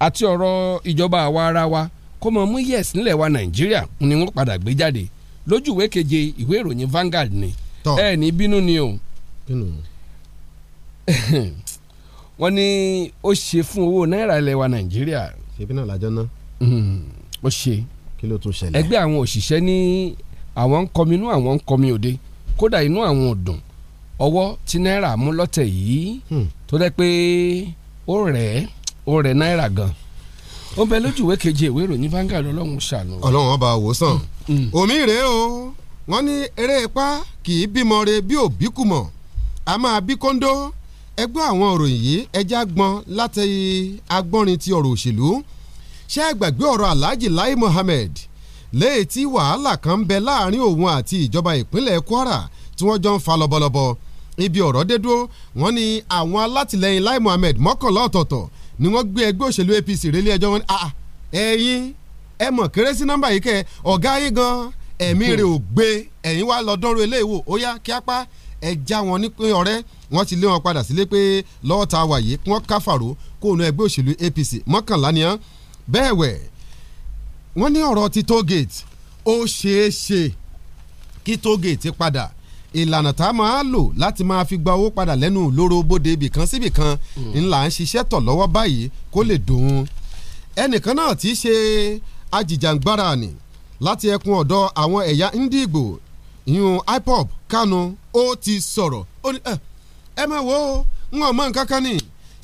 Speaker 17: àti ọ̀rọ̀ ìjọba àwa ara wa kó mọ mú yes nílẹ̀ wa nàìjíríà ni wọ́n padà gbé jáde lójú ìwé keje ìwé ìròyìn Vanguard ni ẹ ní bínú ni o [LAUGHS] wọ́n ní ó ṣe fún owó náírà ilẹ̀ wa nàìjíríà ṣe bí náà lájọ́ náà hmm, ó ṣe kí ló tún ṣẹlẹ̀. ẹgbẹ́ àwọn òṣìṣẹ́ ní àwọn ń kọmi inú àwọn ń kọmi òde kódà inú àwọn ò dùn ọwọ́ tí náírà mú lọ́tẹ̀ yìí hmm. tó dẹ́ pé ó rẹ̀ ó rẹ̀ náírà gan ó bẹ lójú ìwé keje ìwé ìròyìn Vanguard ọlọ́run ṣàánú.
Speaker 18: ọlọ́run ọba àwòsàn
Speaker 17: hmm. hmm. omi rèé o
Speaker 18: wọ́n ní eré ipá kì í bímọ re bí òbí kù mọ̀ a máa bí kóńdó ẹgbẹ́ àwọn òròyìn yìí ẹja gbọ́n láti agbọ́nrin ti ọ̀rọ̀ òṣèlú ṣé àgbàgbé ọ̀rọ̀ Alhaji Lai Mohammed léè tí wàhálà kan ń bẹ láàrin òun àti ìjọba ìpínlẹ̀ Kwara tí wọ́n jọ ń fa lọ́bọ̀lọ́bọ̀ ibi ọ̀rọ̀ dé dúró wọ́n ní àwọn alátìlẹyìn Lai Mohammed mọ́kànlá ọ̀tọ̀ọ̀tọ̀ ni wọ́n gbé ẹgbẹ́ òṣèlú APC rélé ẹjọ́ wọn ẹ̀yin ẹ mọ̀ kéré sí nọ́mbà yìí kẹ ọ̀gá yín gan ẹ̀mí rẹ̀ ò gbé ẹ̀yin wá lọ dánrò eléyìí wò ó yá kí apá ẹ já wọn ní pín ọ̀rẹ́ wọ́n ti lé wọn padà sílé pé lọ́wọ́ wà yìí wọ́n káfàró kó ẹgbẹ́ òṣèlú APC mọ́kànlá nìyẹn bẹ́ẹ̀ wẹ̀ wọ́n ní ọ̀rọ̀ ti tógèètì ó ṣeé ṣe kí tógèètì padà ìlànà tá a máa lò láti máa fi gba owó padà lẹ́nu lóró bóde ibìkan síbìkan hmm. ńlá ń ṣiṣẹ́ tọ̀ lọ́wọ́ báyìí kó lè dùn ẹnìkan náà ti ṣe ajìjàngbara ni láti ẹkùn ọ̀dọ̀ àwọn ẹ̀yà Ndigbo ìyún IPOB Kanu ó ti sọ̀rọ̀ ẹ máa wo n ò mọ nǹkan kan ni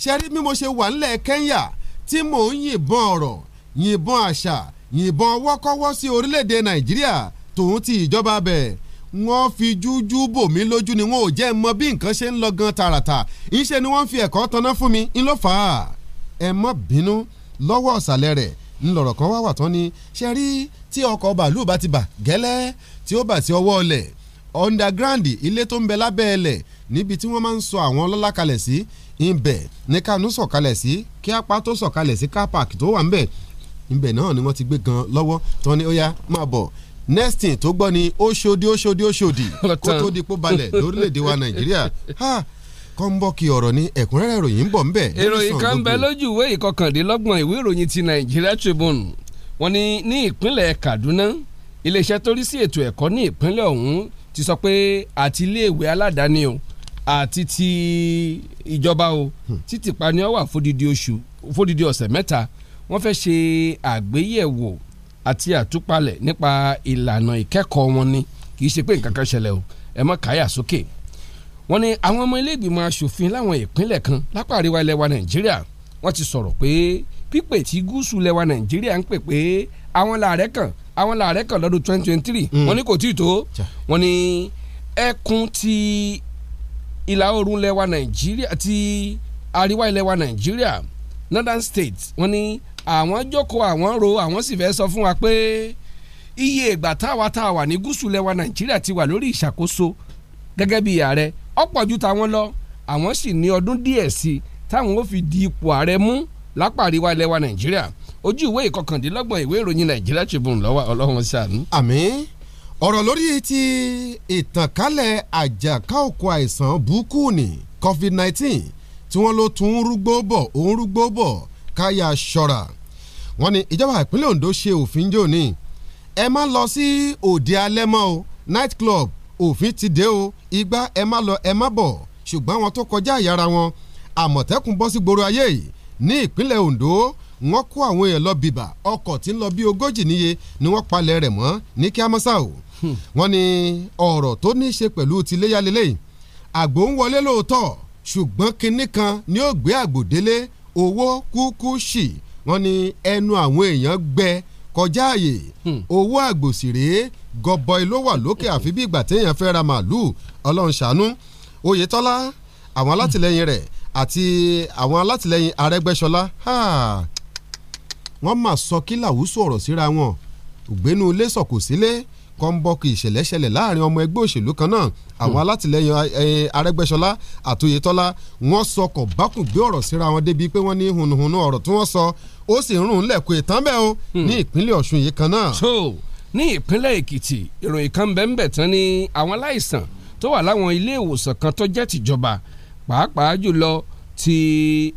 Speaker 18: ṣe rí bí mo ṣe wà nílẹ̀ Kẹ́ńyà tí mò ń yìnbọn ọ̀rọ̀ yìnbọn àṣà yìnbọn wọ́kọ́wọ́ sí orílẹ̀-èdè nàìjíríà tòun ti ìjọba bẹ̀ wọ́n fi jújú bò mí lójú ni wọn ò jẹ́ mọ bí nǹkan ṣe ń lọ gan tààràtà ńṣe ni wọ́n fi ẹ̀kọ́ tanná fún mi ń ló fà á ẹ má bínú lọ́wọ́ ọ̀sàlẹ̀ rẹ̀ ńlọ̀rọ̀ kan wá wà tán ni ṣe rí tí ọkọ̀ bàálù bá ti bà gẹ́lẹ́ tí ó bà sí ọwọ́ ọlẹ̀ underground ilé tó ń bẹ lábẹ́ ẹlẹ̀ níbi tí wọ́n máa ń sọ àwọn ọlọ́lá kalẹ̀ sí ibẹ̀ ní kánú sọ̀kalẹ̀ sí kí apá tó sọ̀kalẹ̀ sí car park tó wà ńbẹ̀ ibẹ̀ náà ni wọ́n ti gbé gan lọ́wọ́ tí wọ́n ní ó yá máa bọ̀ next thing tó gbọ́ ni ó ṣòdì ó ṣòdì ó ṣòdì [LAUGHS] kó tó di pó balẹ̀ lórílẹ̀‐èdè wa nàìjíríà kọ́ńbọ́ọ̀kì ọ̀rọ̀ ní ẹ̀kúnrẹ́rẹ́ ìròyìn ń bọ̀ ń ìròyìn kan ń bẹ
Speaker 17: lójú ìwé ìkọkàndínlọ́gbọ̀n ìwé ìròyìn ti Nigeria Tribune wọ́n ní ní ìpínlẹ̀ Kaduna iléeṣẹ́ tó rí sí ètò ẹ̀kọ́ ní ìpínlẹ̀ ọ̀hún ti sọ pé àti iléèwé aládàáni o àti ti ìjọba o títí hmm. pani ọ wà fódìdí oṣù fódìdí ọ̀sẹ̀ mẹ́ta wọ́n fẹ́ ṣe àgbéyẹ̀wò àti àtúpalẹ̀ nípa ìlànà ìkẹ́kọ̀ọ́ wọn ni kì í ṣe pé nǹkan kan ṣẹlẹ̀ o ẹ mọ́ káyà sókè wọ́n ní àwọn ọmọ ilé ìgbìmọ̀ asòfin láwọn ìpínlẹ̀ kan lápá àríwá ilẹ̀ wa nàìjíríà wọ́n ti sọ̀rọ̀ pé pípè tí gúúsù ilẹ̀ wa nàìjíríà ń pè pé àwọn làárẹ̀ kan àwọn làárẹ̀ kan lọ́dún twenty twenty three hmm. wọ́n ní kò tí ì tó wọ́n ní ẹkùn ti ìlà oòrùn lẹwa nàìjíríà ti àríwá ilẹ̀ nàìjíríà northern state wọ́n ní àwọn jókòó àwọn ro àwọn sì fẹ́ sọ fún wa pé iye ìgbà táwa tá a wà ní gúúsù lẹwa nàìjíríà ti wà lórí ìṣàkóso gẹ́gẹ́ bí ààrẹ ọ̀pọ̀ ju tàwọn lọ àwọn sì ní ọdún díẹ̀ sí i táwọn ó fi di ipò ààrẹ mú lápá àríwá ilẹ̀ wa nàìjíríà ojú ìwé ìkọkàndínlọ́gbọ̀n ìwé ìròyìn nàìjíríà Tribune lọ́wọ́ ọlọ́run ṣàánú. àmín ọ̀rọ̀ lórí
Speaker 18: ti ìtànkálẹ̀ àjàká òkú àìsàn burúkú ni covid-19 tí wọ́n ló tún ń rúgbó bọ̀ ó ń rúgbó bọ̀ káyà ṣọ́ra wọ́n ní ìjọba ìpínlẹ̀ Ondo ṣe òfin jò ní ẹ má lọ sí òde alẹ́ mọ́ o night club òfin ti dé o igbá ẹ má lọ ẹ má bọ̀ ṣùgbọ́n àwọn tó kọjá àyàrá wọn àmọ̀tẹ́kùn bọ́ sí gbòòrò ayé yìí ní ìpínlẹ̀ Ondo wọ́n kó àwọn èèyàn lọ bìbà ọkọ̀ tí ń lọ bí ogójì níye ni wọ́n palẹ̀ rẹ̀ mọ́ ní kíámọ́sá o wọ́n ní ọ̀rọ̀ tó ní í ṣe pẹ̀lú tiléyà lélẹ́yìn àgbò ń wọlé lóòótọ́ ṣùgbọ́n kinní kan ni ó gbé àgbò délé owó kúkú ṣì wọ́n ní ẹnu àwọn èèyàn gbẹ kọjá àyè hmm. owó àgbò sì rèé gọbọi ló wà lókè àfi bí ìgbà téèyàn fẹ́ ra màálùú ọlọ́run ṣàánú oyetola àwọn alátìlẹyìn rẹ̀ àti àwọn alátìlẹyìn arẹ́gbẹ́ṣọlá wọ́n mà sọ kí làwùsọ ọ̀rọ̀ síra wọn ògbénu ilé sọ̀kò kọ́ńbọ́ọ̀kì ìṣẹ̀lẹ̀ṣẹlẹ̀ láàrin ọmọ ẹgbẹ́ òṣèlú kan náà àwọn hmm. alátìlẹyìn Arẹ́gbẹ́ṣọlá àtòyetọ́lá wọ́n sọkọ̀ bákùn gbé ọ̀rọ̀ síra wọn débi pé wọ́n ní hùnùhùnù ọ̀rọ̀ tí wọ́n sọ ó sì ń rùn lẹ̀kọ́
Speaker 17: ìtàn bẹ́ẹ̀ o hmm. ní ìpínlẹ̀ Ọ̀ṣun yìí kan náà. so ní ìpínlẹ̀ Èkìtì ìròyìn kan bẹ́ẹ̀ tán ni àwọn aláìsàn tó wà láwọn ilé ìwòsàn kan tó jẹ́ tìjọba pàápàá jùlọ ti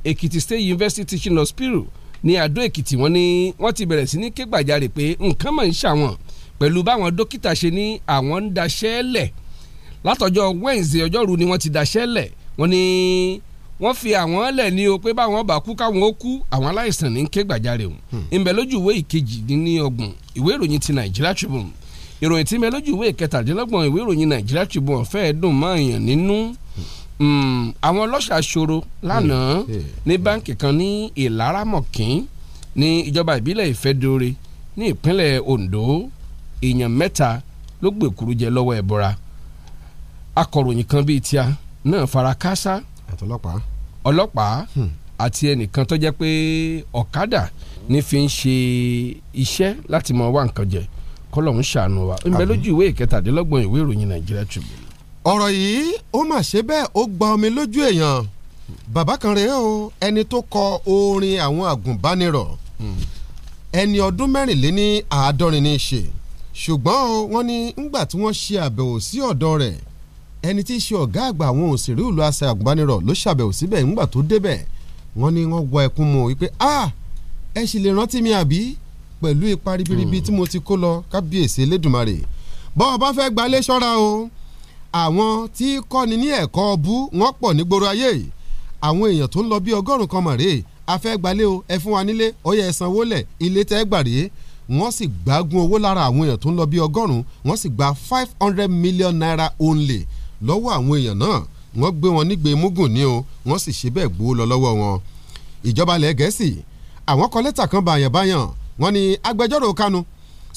Speaker 17: Èkìtì State University Teaching Hospital ní Adó Èkìtì wọ́n ní wọ́n ti bẹ̀rẹ̀ sí ní kégbàjarè pé nǹkan mọ̀ ń ṣàwọn pẹ̀lú báwọn dókítà ṣe ní àwọn ń daṣẹ́ lẹ̀ látọjọ́ Wednesday ọjọ́rú ni wọ́n ti daṣẹ́ lẹ̀ wọ́n ní wọ́n fi àwọn lẹ̀ ní o pé báwọn bá kú káwọn ó kú àwọn aláìsàn ní ké gbàjarè o ìbẹ̀ hmm. lójú ìwé ìkejì ní ọgbọ̀n ìwé ìròyìn ti Nigeria Tribune ìròyìn tí ń bẹ lójú ìwé ìkẹtàdínlọ́gbọ̀n ìwé ìròyìn Nigeria Tribune fẹ́ẹ́ dùn mọ́ èèyàn nínú hmm. Hmm, àwọn ọlọ́ṣà ṣòro lánàá ní báǹkì kan ní ìlaramọ̀kín ní ìjọba ìbílẹ̀ ìfẹ́dọ̀rẹ́ ní ìpínlẹ̀ Ondo èèyàn mẹ́ta ló gbèkúrú jẹ lọ́wọ́ ẹ̀bọra akọ̀ròyìn kan bíi tíá náà fara káásá ọlọ́pàá hmm. àti ẹnìkan tó jẹ́ pé ọ̀kadà ní fi ń ṣe iṣẹ́ láti mọ wá nǹkan jẹ kọlọ́hún ṣàánú wa ń bẹ lójú ìwé ìkẹtàdínlọ́gbọ̀n ìwé ìròyìn Nàìjíríà Tribune. ọ̀rọ̀ yìí ó mà ṣe bẹ́ẹ̀ ó gba omi lójú èèyàn
Speaker 18: bàbá kan rèé o ẹni tó kọ orin àwọn àgùnbánirọ̀ hmm. ẹni ọdún mẹ́rìnléní àádọ́rin ní í ṣe ṣùgbọ́n wọ́n ní ńgbà tí wọ́n ṣe àbẹ̀wò sí ọ̀dọ̀ rẹ̀ ẹni tí í ṣe ọ̀gá àgbà àwọn òṣèré ìlú àṣà àgùnbánirọ̀ ló ṣàbẹ̀wò síbẹ̀ ńgbà tó débẹ̀ wọ́n ní wọ́n wọ ẹkún mu wípé ah ẹ sì lè rántí mi àbí pẹ̀lú ipa ribiribi hmm. tí mo ti kó lọ kábíyèsí elédùnmarè bọ́ ọ bá fẹ́ gbalé ṣọ́ra o àwọn tí ni ní ẹ̀kọ́ ọbú wọ́n pọ̀ nígboro ayé àwọn èèyàn tó ń lọ bí ọgọ́rùn-ún kan mọ̀rẹ́ afẹ́ gbalé o ẹ fún wa nílé ó yẹ ẹ ilé tẹ́ gbàrẹ́ wọ́n sì gbágun owó lára àwọn èèyàn tó ń lọ bí ọgọ́rùn-ún wọ́n sì gba five hundred million naira only lọ́wọ́ àwọn èèyàn náà wọ́n gbé wọn nígbè mugun ni o wọ́n sì ṣe bẹ́ẹ̀ gbowó lọ lọ́wọ́ wọn. ìjọba ilẹ̀ gẹ̀ẹ́sì àwọn kọ lẹ́tà kan bàyànbáyàn wọ́n ní agbẹjọ́rò kanu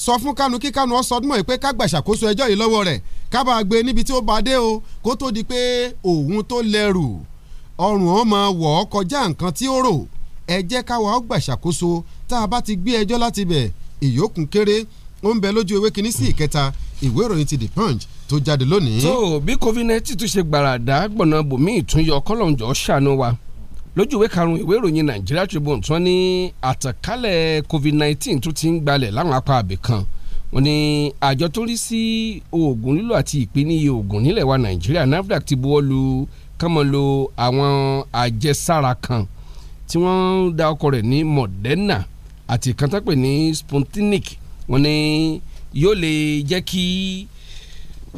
Speaker 18: sọ fún kanu kí kanu ọsọdúnmọ̀ yìí pé ká gbà ṣàkóso ẹjọ́ yìí lọ́wọ́ rẹ̀ ká bá gbé níbi tí ó bá dé o kó tó di pé òun tó lẹ́rù ọrùn ó máa wọ̀ ọ́ kọjá nǹkan tí ó rò ẹ jẹ́ káwa ó gbà ṣàkóso tá a bá ti gbé ẹjọ́ láti bẹ̀ ìyókù kéré ó ń bẹ lójú ewé kínní sí ìkẹta ìwé ìròyìn ti the
Speaker 17: punch tó jáde lónìí. tó bí covid nineteen tún ṣe gbàràdá gbọ̀nà bòmí ìtúnyọ kọ́lọ́njọ́ ṣàánú wa lójú ìwé karùn-ún ìwé ìròyìn Nigeria Tribune tí ní àtàkálẹ̀ covid nineteen tó ti ń gbalẹ̀ láwọn apá àbẹ̀ kan wọ́n ní àjọ tó rí sí oògùn lílò àti ìpínlẹ̀ oògùn nílẹ̀ wa Nàìjíríà NAFDAC ti buwọ́ lu kánmọ́ lo àwọn àjẹsára kan tí wọ́n da ọkọ rẹ̀ ní Moderna àti kan tó pè ní spontanic wọ́n ní yóò lè jẹ́ kí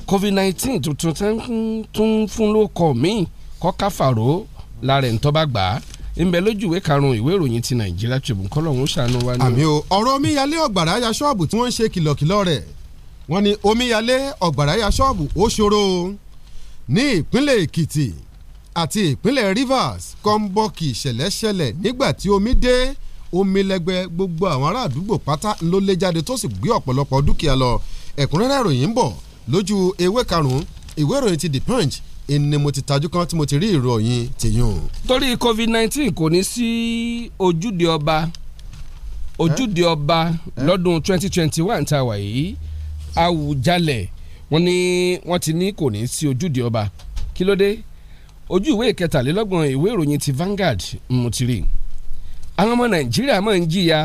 Speaker 17: covid nineteen tuntun tún fún lóko míì kọ́ káfàró lára ẹ̀ ń tọ́ bá gbà á ńbẹ lójú ìwé karùnún ìwé ìròyìn ti nàìjíríà tribune kọlọhún ṣàánú wa ni. àmì o ọ̀rọ̀
Speaker 18: omíyalé ọ̀gbàrá ya ṣọ́ọ̀bù tí wọ́n
Speaker 17: ń ṣe kìlọ̀kìlọ̀ rẹ̀ wọ́n ní omíyalé
Speaker 18: ọ̀gbàrá ya ṣọ́ọ̀bù ó ṣòro ní ìpínlẹ̀ èkìtì àti ìpínlẹ̀ rivers kọ́ńbọ́ọ̀kì ìṣẹ̀lẹ̀ ṣẹlẹ̀ nígbà tí omi dé omi lẹ́gbẹ́ gbogbo àwọn ará àdúgbò pátá ló lé jáde tó sì gbé ọ̀pọ̀lọpọ̀ dúkìá lọ ẹ̀kúnrẹ́rẹ́ ìròyìn ń bọ̀ lójú ewé karùn-ún ìwé ìròyìn ti the punch ni mo ti tajú kan tí mo ti rí ìròyìn tèyún.
Speaker 17: torí covid nineteen kò ní sí ojúde ọba ojúde ọba lọ́dún twenty twenty one tá a wà yìí Awùjalẹ̀ wọ́n ní wọ́n ti ní kò ní sí ojúde ọba kí ló dé ojú ìwé ìkẹtàlélọ́gbọ̀n ìwé ìròyìn ti Vanguard mo ti rí i àwọn ọmọ nàìjíríà máa ń jìyà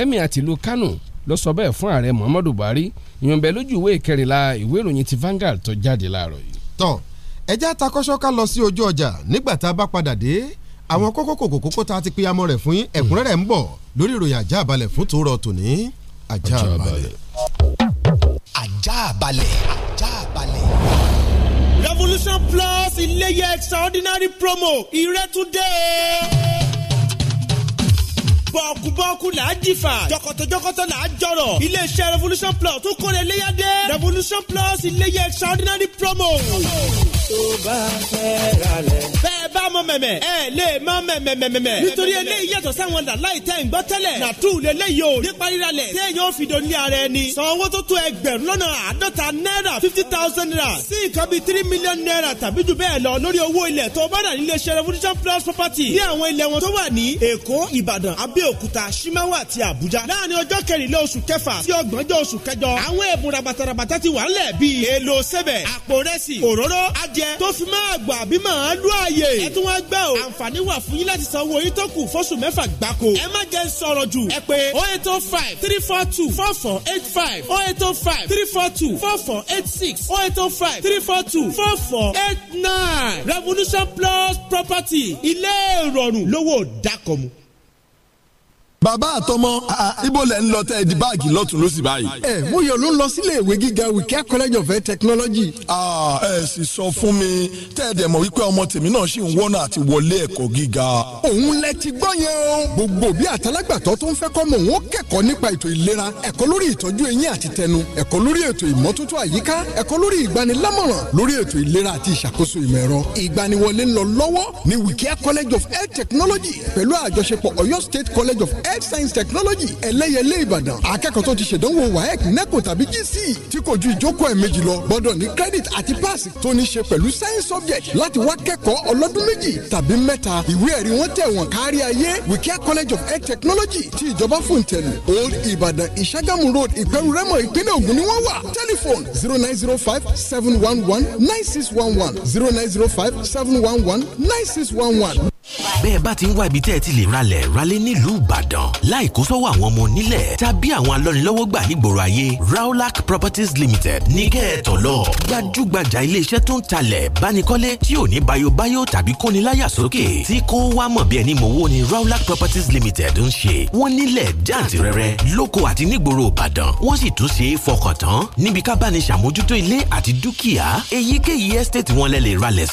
Speaker 17: emir àti ìlú kánò ló sọ bẹ́ẹ̀ fún ààrẹ muhammadu buhari ìyọ̀nbẹ lójú ìwé ìkẹrìnlá ìwé ìròyìn ti Vanguard tó jáde láàárọ̀ yìí. tọ ẹja takọṣọ ká lọ sí ojú ọjà nígbà tá
Speaker 18: a bá padà dé àwọn kókó kòkó kókó tá ti pe amọ rẹ fún ẹ̀kúnrẹ́rẹ́ ń bọ̀ lórí ìròyìn ajá balẹ̀ fún tòórọ tòní ajá balẹ̀. ajá balẹ̀
Speaker 7: ajá balẹ̀.
Speaker 6: revolution plus iléyẹ extraordinary promo ìrẹ́túndé bọ́ọ̀kú-bọ́ọ̀kú là á jìfà jọkọ̀tọ̀jọkọ̀tọ̀ là á jọ̀rọ̀ iléeṣẹ́ revolution plus tó kọ́ni ẹlẹ́yàdé revolution plus ilé iléyẹ extraordinary promo. Oh tó bá fẹ́ ra lẹ̀. bẹ́ẹ̀ bá mọ mẹ̀mẹ̀ ẹ lè má mẹ̀mẹ̀mẹ̀mẹ̀. nítorí eléyìí yàtọ̀ sáwọn làláì tẹ̀ ń gbọ́ tẹ́lẹ̀. nàtú lélẹ́yìí o nípa ríra lẹ̀ téèyàn ò fi dòní ara ẹni. san owó tó tó ẹgbẹ̀rún lọ́nà àádọ́ta náírà fifty thousand naira sí nǹkan bíi three million naira tàbí jù bẹ́ẹ̀ lọ lórí owó ilẹ̀ tó bá dà nílé iṣẹ́ revolution plus property ní àwọn ilẹ̀ wọn tó wà ní èkó ìbàdàn abẹ́òkúta simawa àti àbújá láàrin ọjọ́ kẹrìnlẹ́ oṣù kẹfà sí ọgbọ̀njọ́ oṣù kẹjọ àwọn ẹ̀bùn rabatarabata ti wà ń lẹ̀ bíi èlò sẹ́bẹ̀ àpò rẹ́sì ag jẹ tó fi máa gbà àbí máa lú àyè. ẹ tún wá gbẹ́ o àǹfààní wà fún yín láti sanwó yín tó kù fọ́sùn mẹ́fà gbáko. ẹ má jẹ́ sọ̀rọ̀ jù ẹ pé oh eight oh five three four two four four eight five oh eight oh five three four two four four eight six oh eight oh five three four two four four eight nine revolution plus
Speaker 8: property ilé ìrọ̀rùn lówó dákọ̀mu bàbá àtọmọ ibo lẹ ń lọ tẹ ẹ di báàgì lọ́tún lọ́sì báyìí. ẹ mo yọ ló ń lọ sílé ìwé gíga Wike college of technology. ẹ sì sọ fún mi tẹ́ ẹ dẹ̀ mọ̀ wípé ọmọ tèmi náà ṣì ń wọ́nà àti wọlé ẹ̀kọ́ gíga. òun lẹ ti gbọ́ yẹn o. gbogbo bí àtàlágbàtọ́ tó ń fẹ́ kọ́ mọ̀ òun ó kẹ́kọ̀ọ́ nípa ètò ìlera ẹ̀kọ́ lórí ìtọ́jú eyín àti tẹnu ẹ̀kọ́ lórí ètò ìmọ́tótó àyíká ẹ̀kọ́ lórí ìgbanilámọ̀ràn lórí ètò ìlera àti ìṣàkóso ìmọ̀ ẹ̀rọ ìgbaniwọlé ń lọ college of health technology pẹ̀lú àjọṣepọ̀ Ọ̀yọ́ state college of health science technology ẹlẹ́yẹlé ìbàdàn akẹ́kọ̀ọ́ tó ti ṣèdánwò waec neco tàbí gc e, tí kò ju ìjókòó ẹ̀ méjì lọ gbọ́dọ̀ ní credit àti pass tó ní ṣe pẹ̀lú science subject láti wá kẹ́kọ̀ọ́ ọlọ́dún méjì tàbí mẹ́ta ìwé ẹ̀rí wọn tẹ̀ wọ́n kárí ayé wikea college of health technology ti ìjọba fòǹtẹ̀lù old ìbàdàn ìṣàgámù road ìpẹ̀rù rẹ́mọ̀ ìpínlẹ̀ ògùn ni wọ́n wà tẹlifóònù zero nine zero five seven one one nine six one one zero nine zero five seven one one nine six
Speaker 10: one one bẹ́ẹ̀ bá ti ń wá ibi tẹ́ ẹ ti lè ralẹ̀ ralé nílùú ìbàdàn láì kó sọ́wọ́ àwọn ọmọ onílẹ̀ tàbí àwọn alọ́nilọ́wọ́ gbà nígboro ayé raulac properties limited ní kẹ́ẹ̀tọ́ lọ gbajúgbajà iléeṣẹ́ tó ń talẹ̀ bánikọ́lé tí ò ní bayobayo tàbí kóniláyà sókè tí kò wá mọ̀ bí ẹni mọ̀wó ni raulac properties limited ń ṣe wọ́n nílẹ̀ jàǹtìrẹrẹ lóko àti nígboro ìbàdàn wọ́n sì tún ṣe é fọkàn tán níbi ká bá ní ṣàmójútó ilé àti dúkìá èyíkéyìí estate wọn lẹ lè ralẹ̀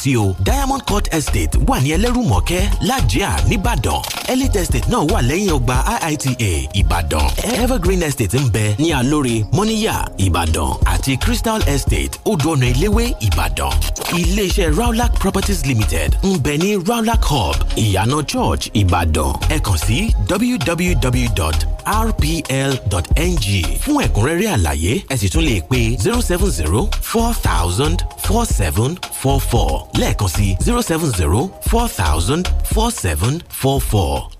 Speaker 10: diamond court estate wà ní ẹlẹ́rùmọ̀kẹ́ jẹ́ lájà nìbàdàn elite estate náà wà lẹ́yìn ọgbà IITA ìbàdàn evergreen estate ń bẹ ní alórí mọ́níyà ìbàdàn àti crystal estate odòọ̀nà eléwé ìbàdàn iléeṣẹ́ Rawlac properties limited ń bẹ ní Rawlac hub ìyànà church ìbàdàn ẹ kàn sí www.rpl.ng fún ẹ̀kúnrẹ́rẹ́ àlàyé ẹ sì tún lè pe zero seven zero four thousand four seven four four lẹ́ẹ̀kan sí zero seven zero four thousand 4744.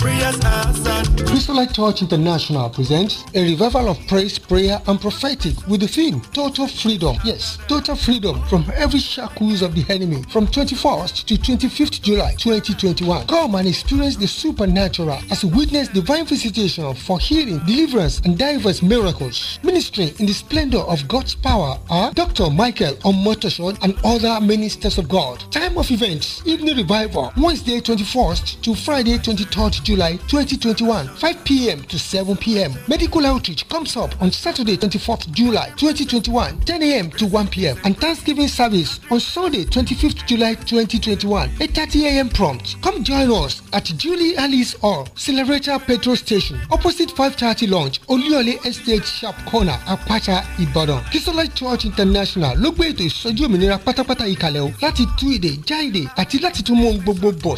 Speaker 15: Christlight Church International presents a revival of praise, prayer, and prophetic with the theme Total Freedom. Yes, total freedom from every shackles of the enemy from 21st to 25th July 2021. Come and experience the supernatural as witness divine visitation for healing, deliverance, and diverse miracles. Ministering in the splendor of God's power are Dr. Michael Omotoshon and other ministers of God. Time of events, evening revival, Wednesday 21st to Friday 23rd July 2021, 5 p.m. to 7 p.m. Medical outreach comes up on Saturday 24th July 2021, 10 a.m. to 1 p.m. And Thanksgiving service on Sunday 25th July 2021, 8.30 a.m. prompt. Come join us at Julie Alice Hall, Celebrator Petrol Station, opposite 530 Lounge, Oluyole Estate Shop Corner, Apata, Ibadan. Christolite Church International ló gbé ètò ìsọjú òmìnira pátápátá yìí kalẹ̀ o láti tú ìdè já ìdè àti láti tún mú gbogbo bọ̀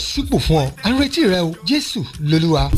Speaker 15: lolúwa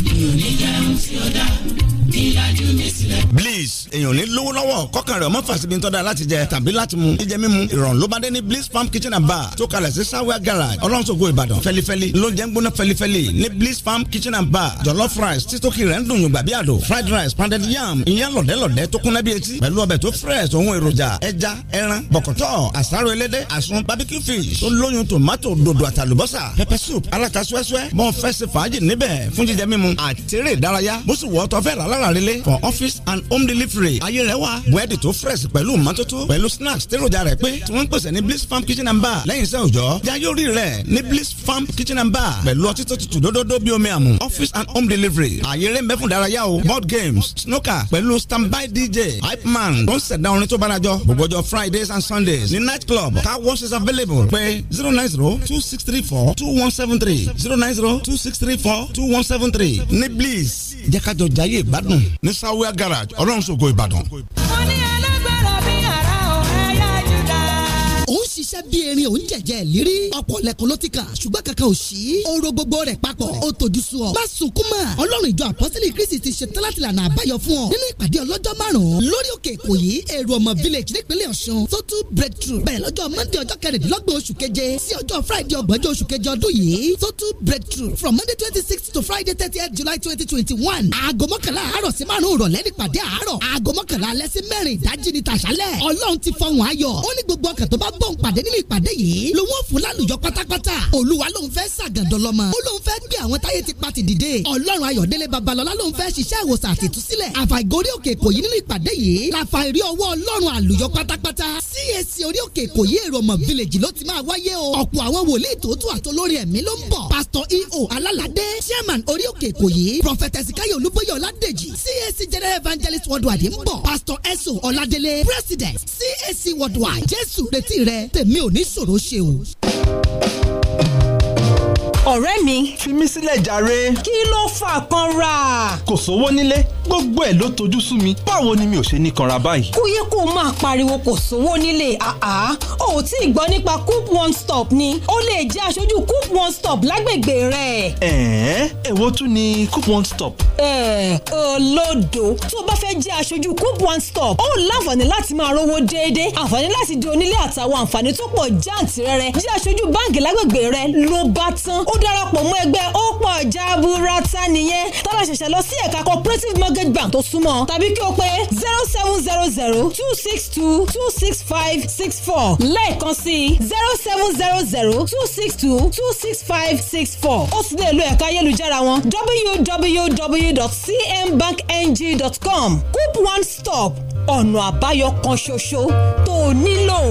Speaker 16: bliss èèyàn ní lówó lọ́wọ́ kọ́kàn rẹ̀ ọmọ fàṣibí tọ́da láti jẹ tàbí láti mu jíjẹ mímu ìrọ̀rùn ló bá dé ní bliss farm kitchen and bar tó kalẹ̀ sí sáwẹ́ garage ọlọ́nsogo ìbàdàn fẹlifẹli lóúnjẹ ń gbóná fẹlifẹli ní bliss farm kitchen and bar jollof rice títókì rẹ̀ ń dùn yùngbà bí àdó fried rice pounded yam ìyẹn lọ̀dẹ́lọ̀dẹ́ tó kúnná bí etí pẹ̀lú ọbẹ̀ tó fresh ohun èròjà ẹja ẹran bọ̀kọ̀tọ̀ àsáró ẹlẹ́dẹ̀ àsun barbecue fish tó lóyún tomato dòdò àtàlùbọ́sà pepper soup aláta suẹ́suẹ́ bọ́n fẹ́ ṣe fàájì níbẹ̀ fún jíjẹ mímu àtẹ̀rẹ̀ ìdárayá bó sì wọ́ tọ́fẹ́ rà lára gbáralélé for office and home delivery ayé rẹ wá búrẹ́dì tó fresh pẹ̀lú mọ́tótó pẹ̀lú snacks tèròjà rẹ̀ pé tí wọ́n ń pèsè ní bliss farm kitchen and bar lẹ́yìn iṣẹ́ òòjọ́ jayórí rẹ̀ ní bliss farm kitchen and bar pẹ̀lú ọtí tó tutù dódódó bí omi àmù office and home delivery ayé rẹ̀ ń bẹ fún ìdárayá o board games snooker pẹ̀lú standby dj hype man tó ń ṣẹ̀dá orin tó bára jọ gbogbo ọjọ́ fridays and sundays ní night club car wash is available pé zero nine zero two six three four two one seven three zero nine zero two six three four two one seven three ní bliss jẹ́ ká jọ jayé ìgbádùn ní sáwẹ́ garage ọlọ́run ṣògo ìbàdàn. mo ní
Speaker 9: ẹ ṣiṣẹ́ bí erin òun jẹ̀jẹ̀ lérí ọ̀pọ̀ lẹ́kọ̀ọ́ ló ti kà ṣùgbọ́n kankan ò sí oró gbogbo rẹ̀ papọ̀ ó tòjú sú ọ. má sunkún ọlọ́run ìjọ àpọ́sílẹ̀ kristi ti ṣe tẹ́lá tìlànà àbáyọ fún ọ nínú ìpàdé ọlọ́jọ́ márùn-ún lórí òkè èkó yìí èrò ọmọ village nípínlẹ̀ ọ̀ṣun sótú breakthrough bẹ̀rẹ̀ lọ́jọ́ monday ọjọ́ kẹrìndínlọ́gbọ̀n oṣù keje sí ọjọ́ friday ọgbọ̀njọ́ oṣù keje ọdún yìí sótú breakthrough from monday twenty six to friday thirty eight july twenty twenty one aago mọ́kànlá àárọ̀ sí márùn-ún ìrọ̀lẹ́ nípàdé àárọ̀ aago mọ́kànlá alẹ́ sí mẹ́rin ìdájí ni tàṣálẹ̀ ọlọ́run ti fọhùn ayọ̀ ó ní gbogbo ọkàn tó bá gbọ́ pàdé nínú ìpàdé yìí lòun ò fún lálùjọ pátápátá olúwa lòun fẹ́ ṣàgàdọ̀ lọ́mọ ó fẹ́ gbé àwọn táyé ti pa ti dìde ọlọ́run ayọ̀délé babalọ́lá lòun fẹ́ ṣiṣẹ́ ìwòsàn àtìtúsílẹ̀ àfàìgórí òkè èkó yìí nínú ìpàdé yìí làfà ìrí ọwọ́ ọlọ́run àlùyọ pátápátá CAC orí òkè èkó yìí èrò ọmọ village ló ti máa wáyé o ọ̀pọ̀ àwọn wòlíì tòótọ́ àtolórí ẹ̀mí ló ń bọ̀ pásítọ̀ EO alálàdé chairman orí òkè èkó yìí prọfẹtẹsì káyọ̀ olúbóyè ọ̀làdèjì CAC general evangelist worldwide ń bọ̀ pásítọ̀ ẹ̀sùn ọ̀làdélé president C.S.C. worldwide jésù retí rẹ tèmi ò ní ṣòro ṣe o
Speaker 8: ọ̀rẹ́ mi. fi mí sílẹ̀ jàre. kí ló fà kanra. kò sówó nílé gbogbo ẹ̀ ló tojú sú mi báwo ni mi ò ṣe ní kanra báyìí.
Speaker 13: kó yẹ kó máa pariwo kò sówó nílé àá o ò tí ì gbọ́ nípa coop one stop ni ó lè jẹ́ aṣojú coop one stop lágbègbè rẹ̀.
Speaker 10: ẹ̀ẹ́n
Speaker 13: èwo tún ni coop one stop. ẹ̀ẹ́ olódo tó bá fẹ́ jẹ́ aṣojú coop one stop ó láǹfààní láti máa rówó déédéé àǹfààní láti di onílé àtàwọn àǹfààní tó pọ̀ jáǹtì rẹ̀rẹ̀ jẹ́ aṣojú báǹkì lágbègbè rẹ̀ ló bá tán ó d darapọ̀ mọ́ ẹgbẹ́ ó pọ̀ jaburata nìyẹn tọ́lá ṣẹ̀ṣẹ̀ lọ sí ẹ̀ka cooperative mortgage bank tó súnmọ́ tàbí kí o pè zero seven zero zero two six two two six five six four lẹ́ẹ̀kan sí zero seven zero zero two six two two six five six four ó sì lè lo ẹ̀ka ayélujára wọn www.cmbankng.com coop one stop ọ̀nà àbáyọ kan ṣoṣo tó o nílò.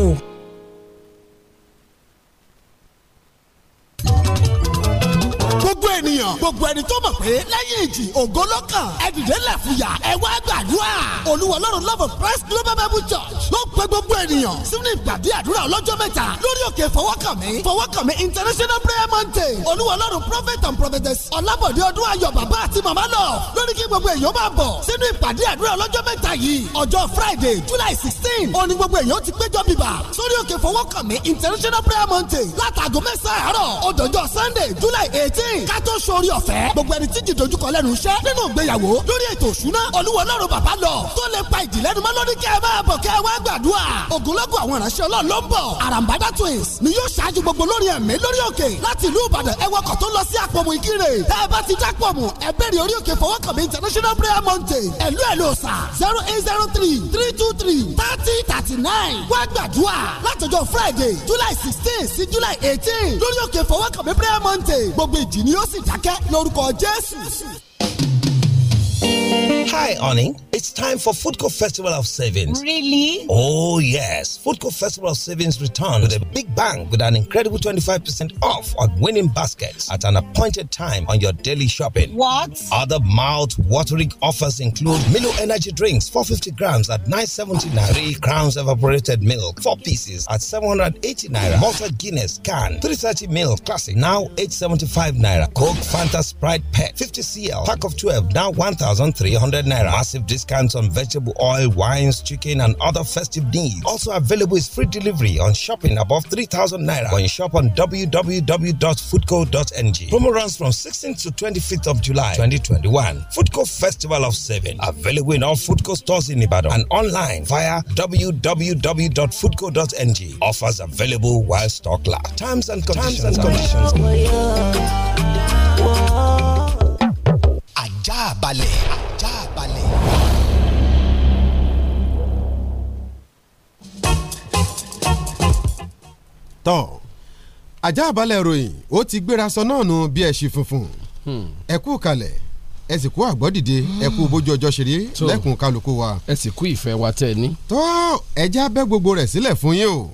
Speaker 8: ènìyàn gbogbo ẹni tó mọ̀ pé lẹ́yìn ìjì
Speaker 9: ògo ló kàn ẹ dìde lẹ̀ fúyà ẹ wá gbàdúrà olúwa ọlọ́run love of Christ global bible church ló pè gbogbo ènìyàn sínú ìpàdé àdúrà ọlọ́jọ́ mẹ́ta lórí òkè fọwọ́kànmí fọwọ́kànmí international prayer mountain olúwa ọlọ́run prophet and prophetess ọlábọ̀dé ọdún ayọ̀ bàbá àti màmá lọ lórí kí gbogbo èèyàn máa bọ̀ sínú ìpàdé àdúrà ọlọ́jọ́ mẹ́ta yìí ọjọ́ friday july sixteen òní gbogbo èèyàn ti péjọ bíbà sórí òkè fọwọ́kànmí international prayer mountain látàgọ́ mẹ́sàn-án àárọ̀ ọdọ̀jọ́ sunday july eighteen kátó sórí ọ̀fẹ́ gbogbo ẹni tí jìdójúkọ lẹ́nu iṣẹ́ nínú ìgbéyàwó lórí ètò òṣùná olúwo ọlọ́run bàbá lọ tó lè pa ìdílẹ́nu mọ́ lórí kẹ́ ẹ máa bọ̀ kẹ́ ẹ wá gbàdúrà ògúnlọ́gọ̀ àwọn ìránṣẹ́ ọlọ́run ló ń bọ̀ àràǹbádá twins ni yóò ṣáájú gbogbo lórí ẹ̀mí lórí òkè láti ìlú ìbàdàn ẹ wọkọ̀ tó lọ sí àpọ̀mù ìkírè tẹ́ ẹ bá ti jápọ̀mù ẹ bẹ̀rẹ̀ orí òkè international prayer mountain ẹ̀lú ẹ̀lú zero eight zero three three two three thirty thirty nine wá gbàdúrà látọjọ́ friday july sixteen sí july eighteen lórí òkè fọwọ́kànmí prayer mountain gbogbo ìjì ni ó sì dákẹ́ lórúkọ Jésù.
Speaker 19: Hi, Oning. It's time for Foodco Festival of Savings.
Speaker 11: Really?
Speaker 19: Oh, yes. Foodco Festival of Savings returns with a big bang with an incredible 25% off on winning baskets at an appointed time on your daily shopping. What? Other mouth watering offers include Milo Energy Drinks, 450 grams at 970 naira. 3 crowns evaporated milk, 4 pieces at 780 naira. Malta Guinness can, 330 ml classic, now 875 naira. Coke, Fanta, Sprite, Pet, 50 cl, pack of 12, now 1300 200 naira. Massive discounts on vegetable oil, wines, chicken, and other festive needs. Also available is free delivery on shopping above 3,000 naira when you shop on www.foodco.ng. Promo runs from 16th to 25th of July 2021. Foodco Festival of Seven. Available in all Foodco stores in Ibadan and online via www.foodco.ng. Offers available while stock lasts. Terms and conditions. Terms and conditions.
Speaker 18: tọ́ ajá àbálẹ̀ ìròyìn ó ti gbéra sọ náà nu bí ẹ ṣe funfun hmm. ẹ kú kalẹ̀ ẹ sì kú àgbọ́dìde ẹ kú bójú ọjọ́ ṣeré lẹ́kùn
Speaker 17: kálukú wa. ẹ sì kú ìfẹ́ wa tẹ́ ní.
Speaker 18: tó ẹjẹ́ abẹ́ gbogbo rẹ̀ sílẹ̀ fún yín o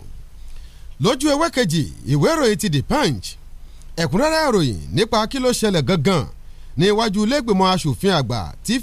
Speaker 18: lójú ewé kejì ìwé ìròyìn ti The Punch ẹ̀kúnrẹ́rẹ́ ìròyìn nípa kí ló ṣẹlẹ̀ gangan ní iwájú ilé ìgbìmọ̀ asòfin àgbà tí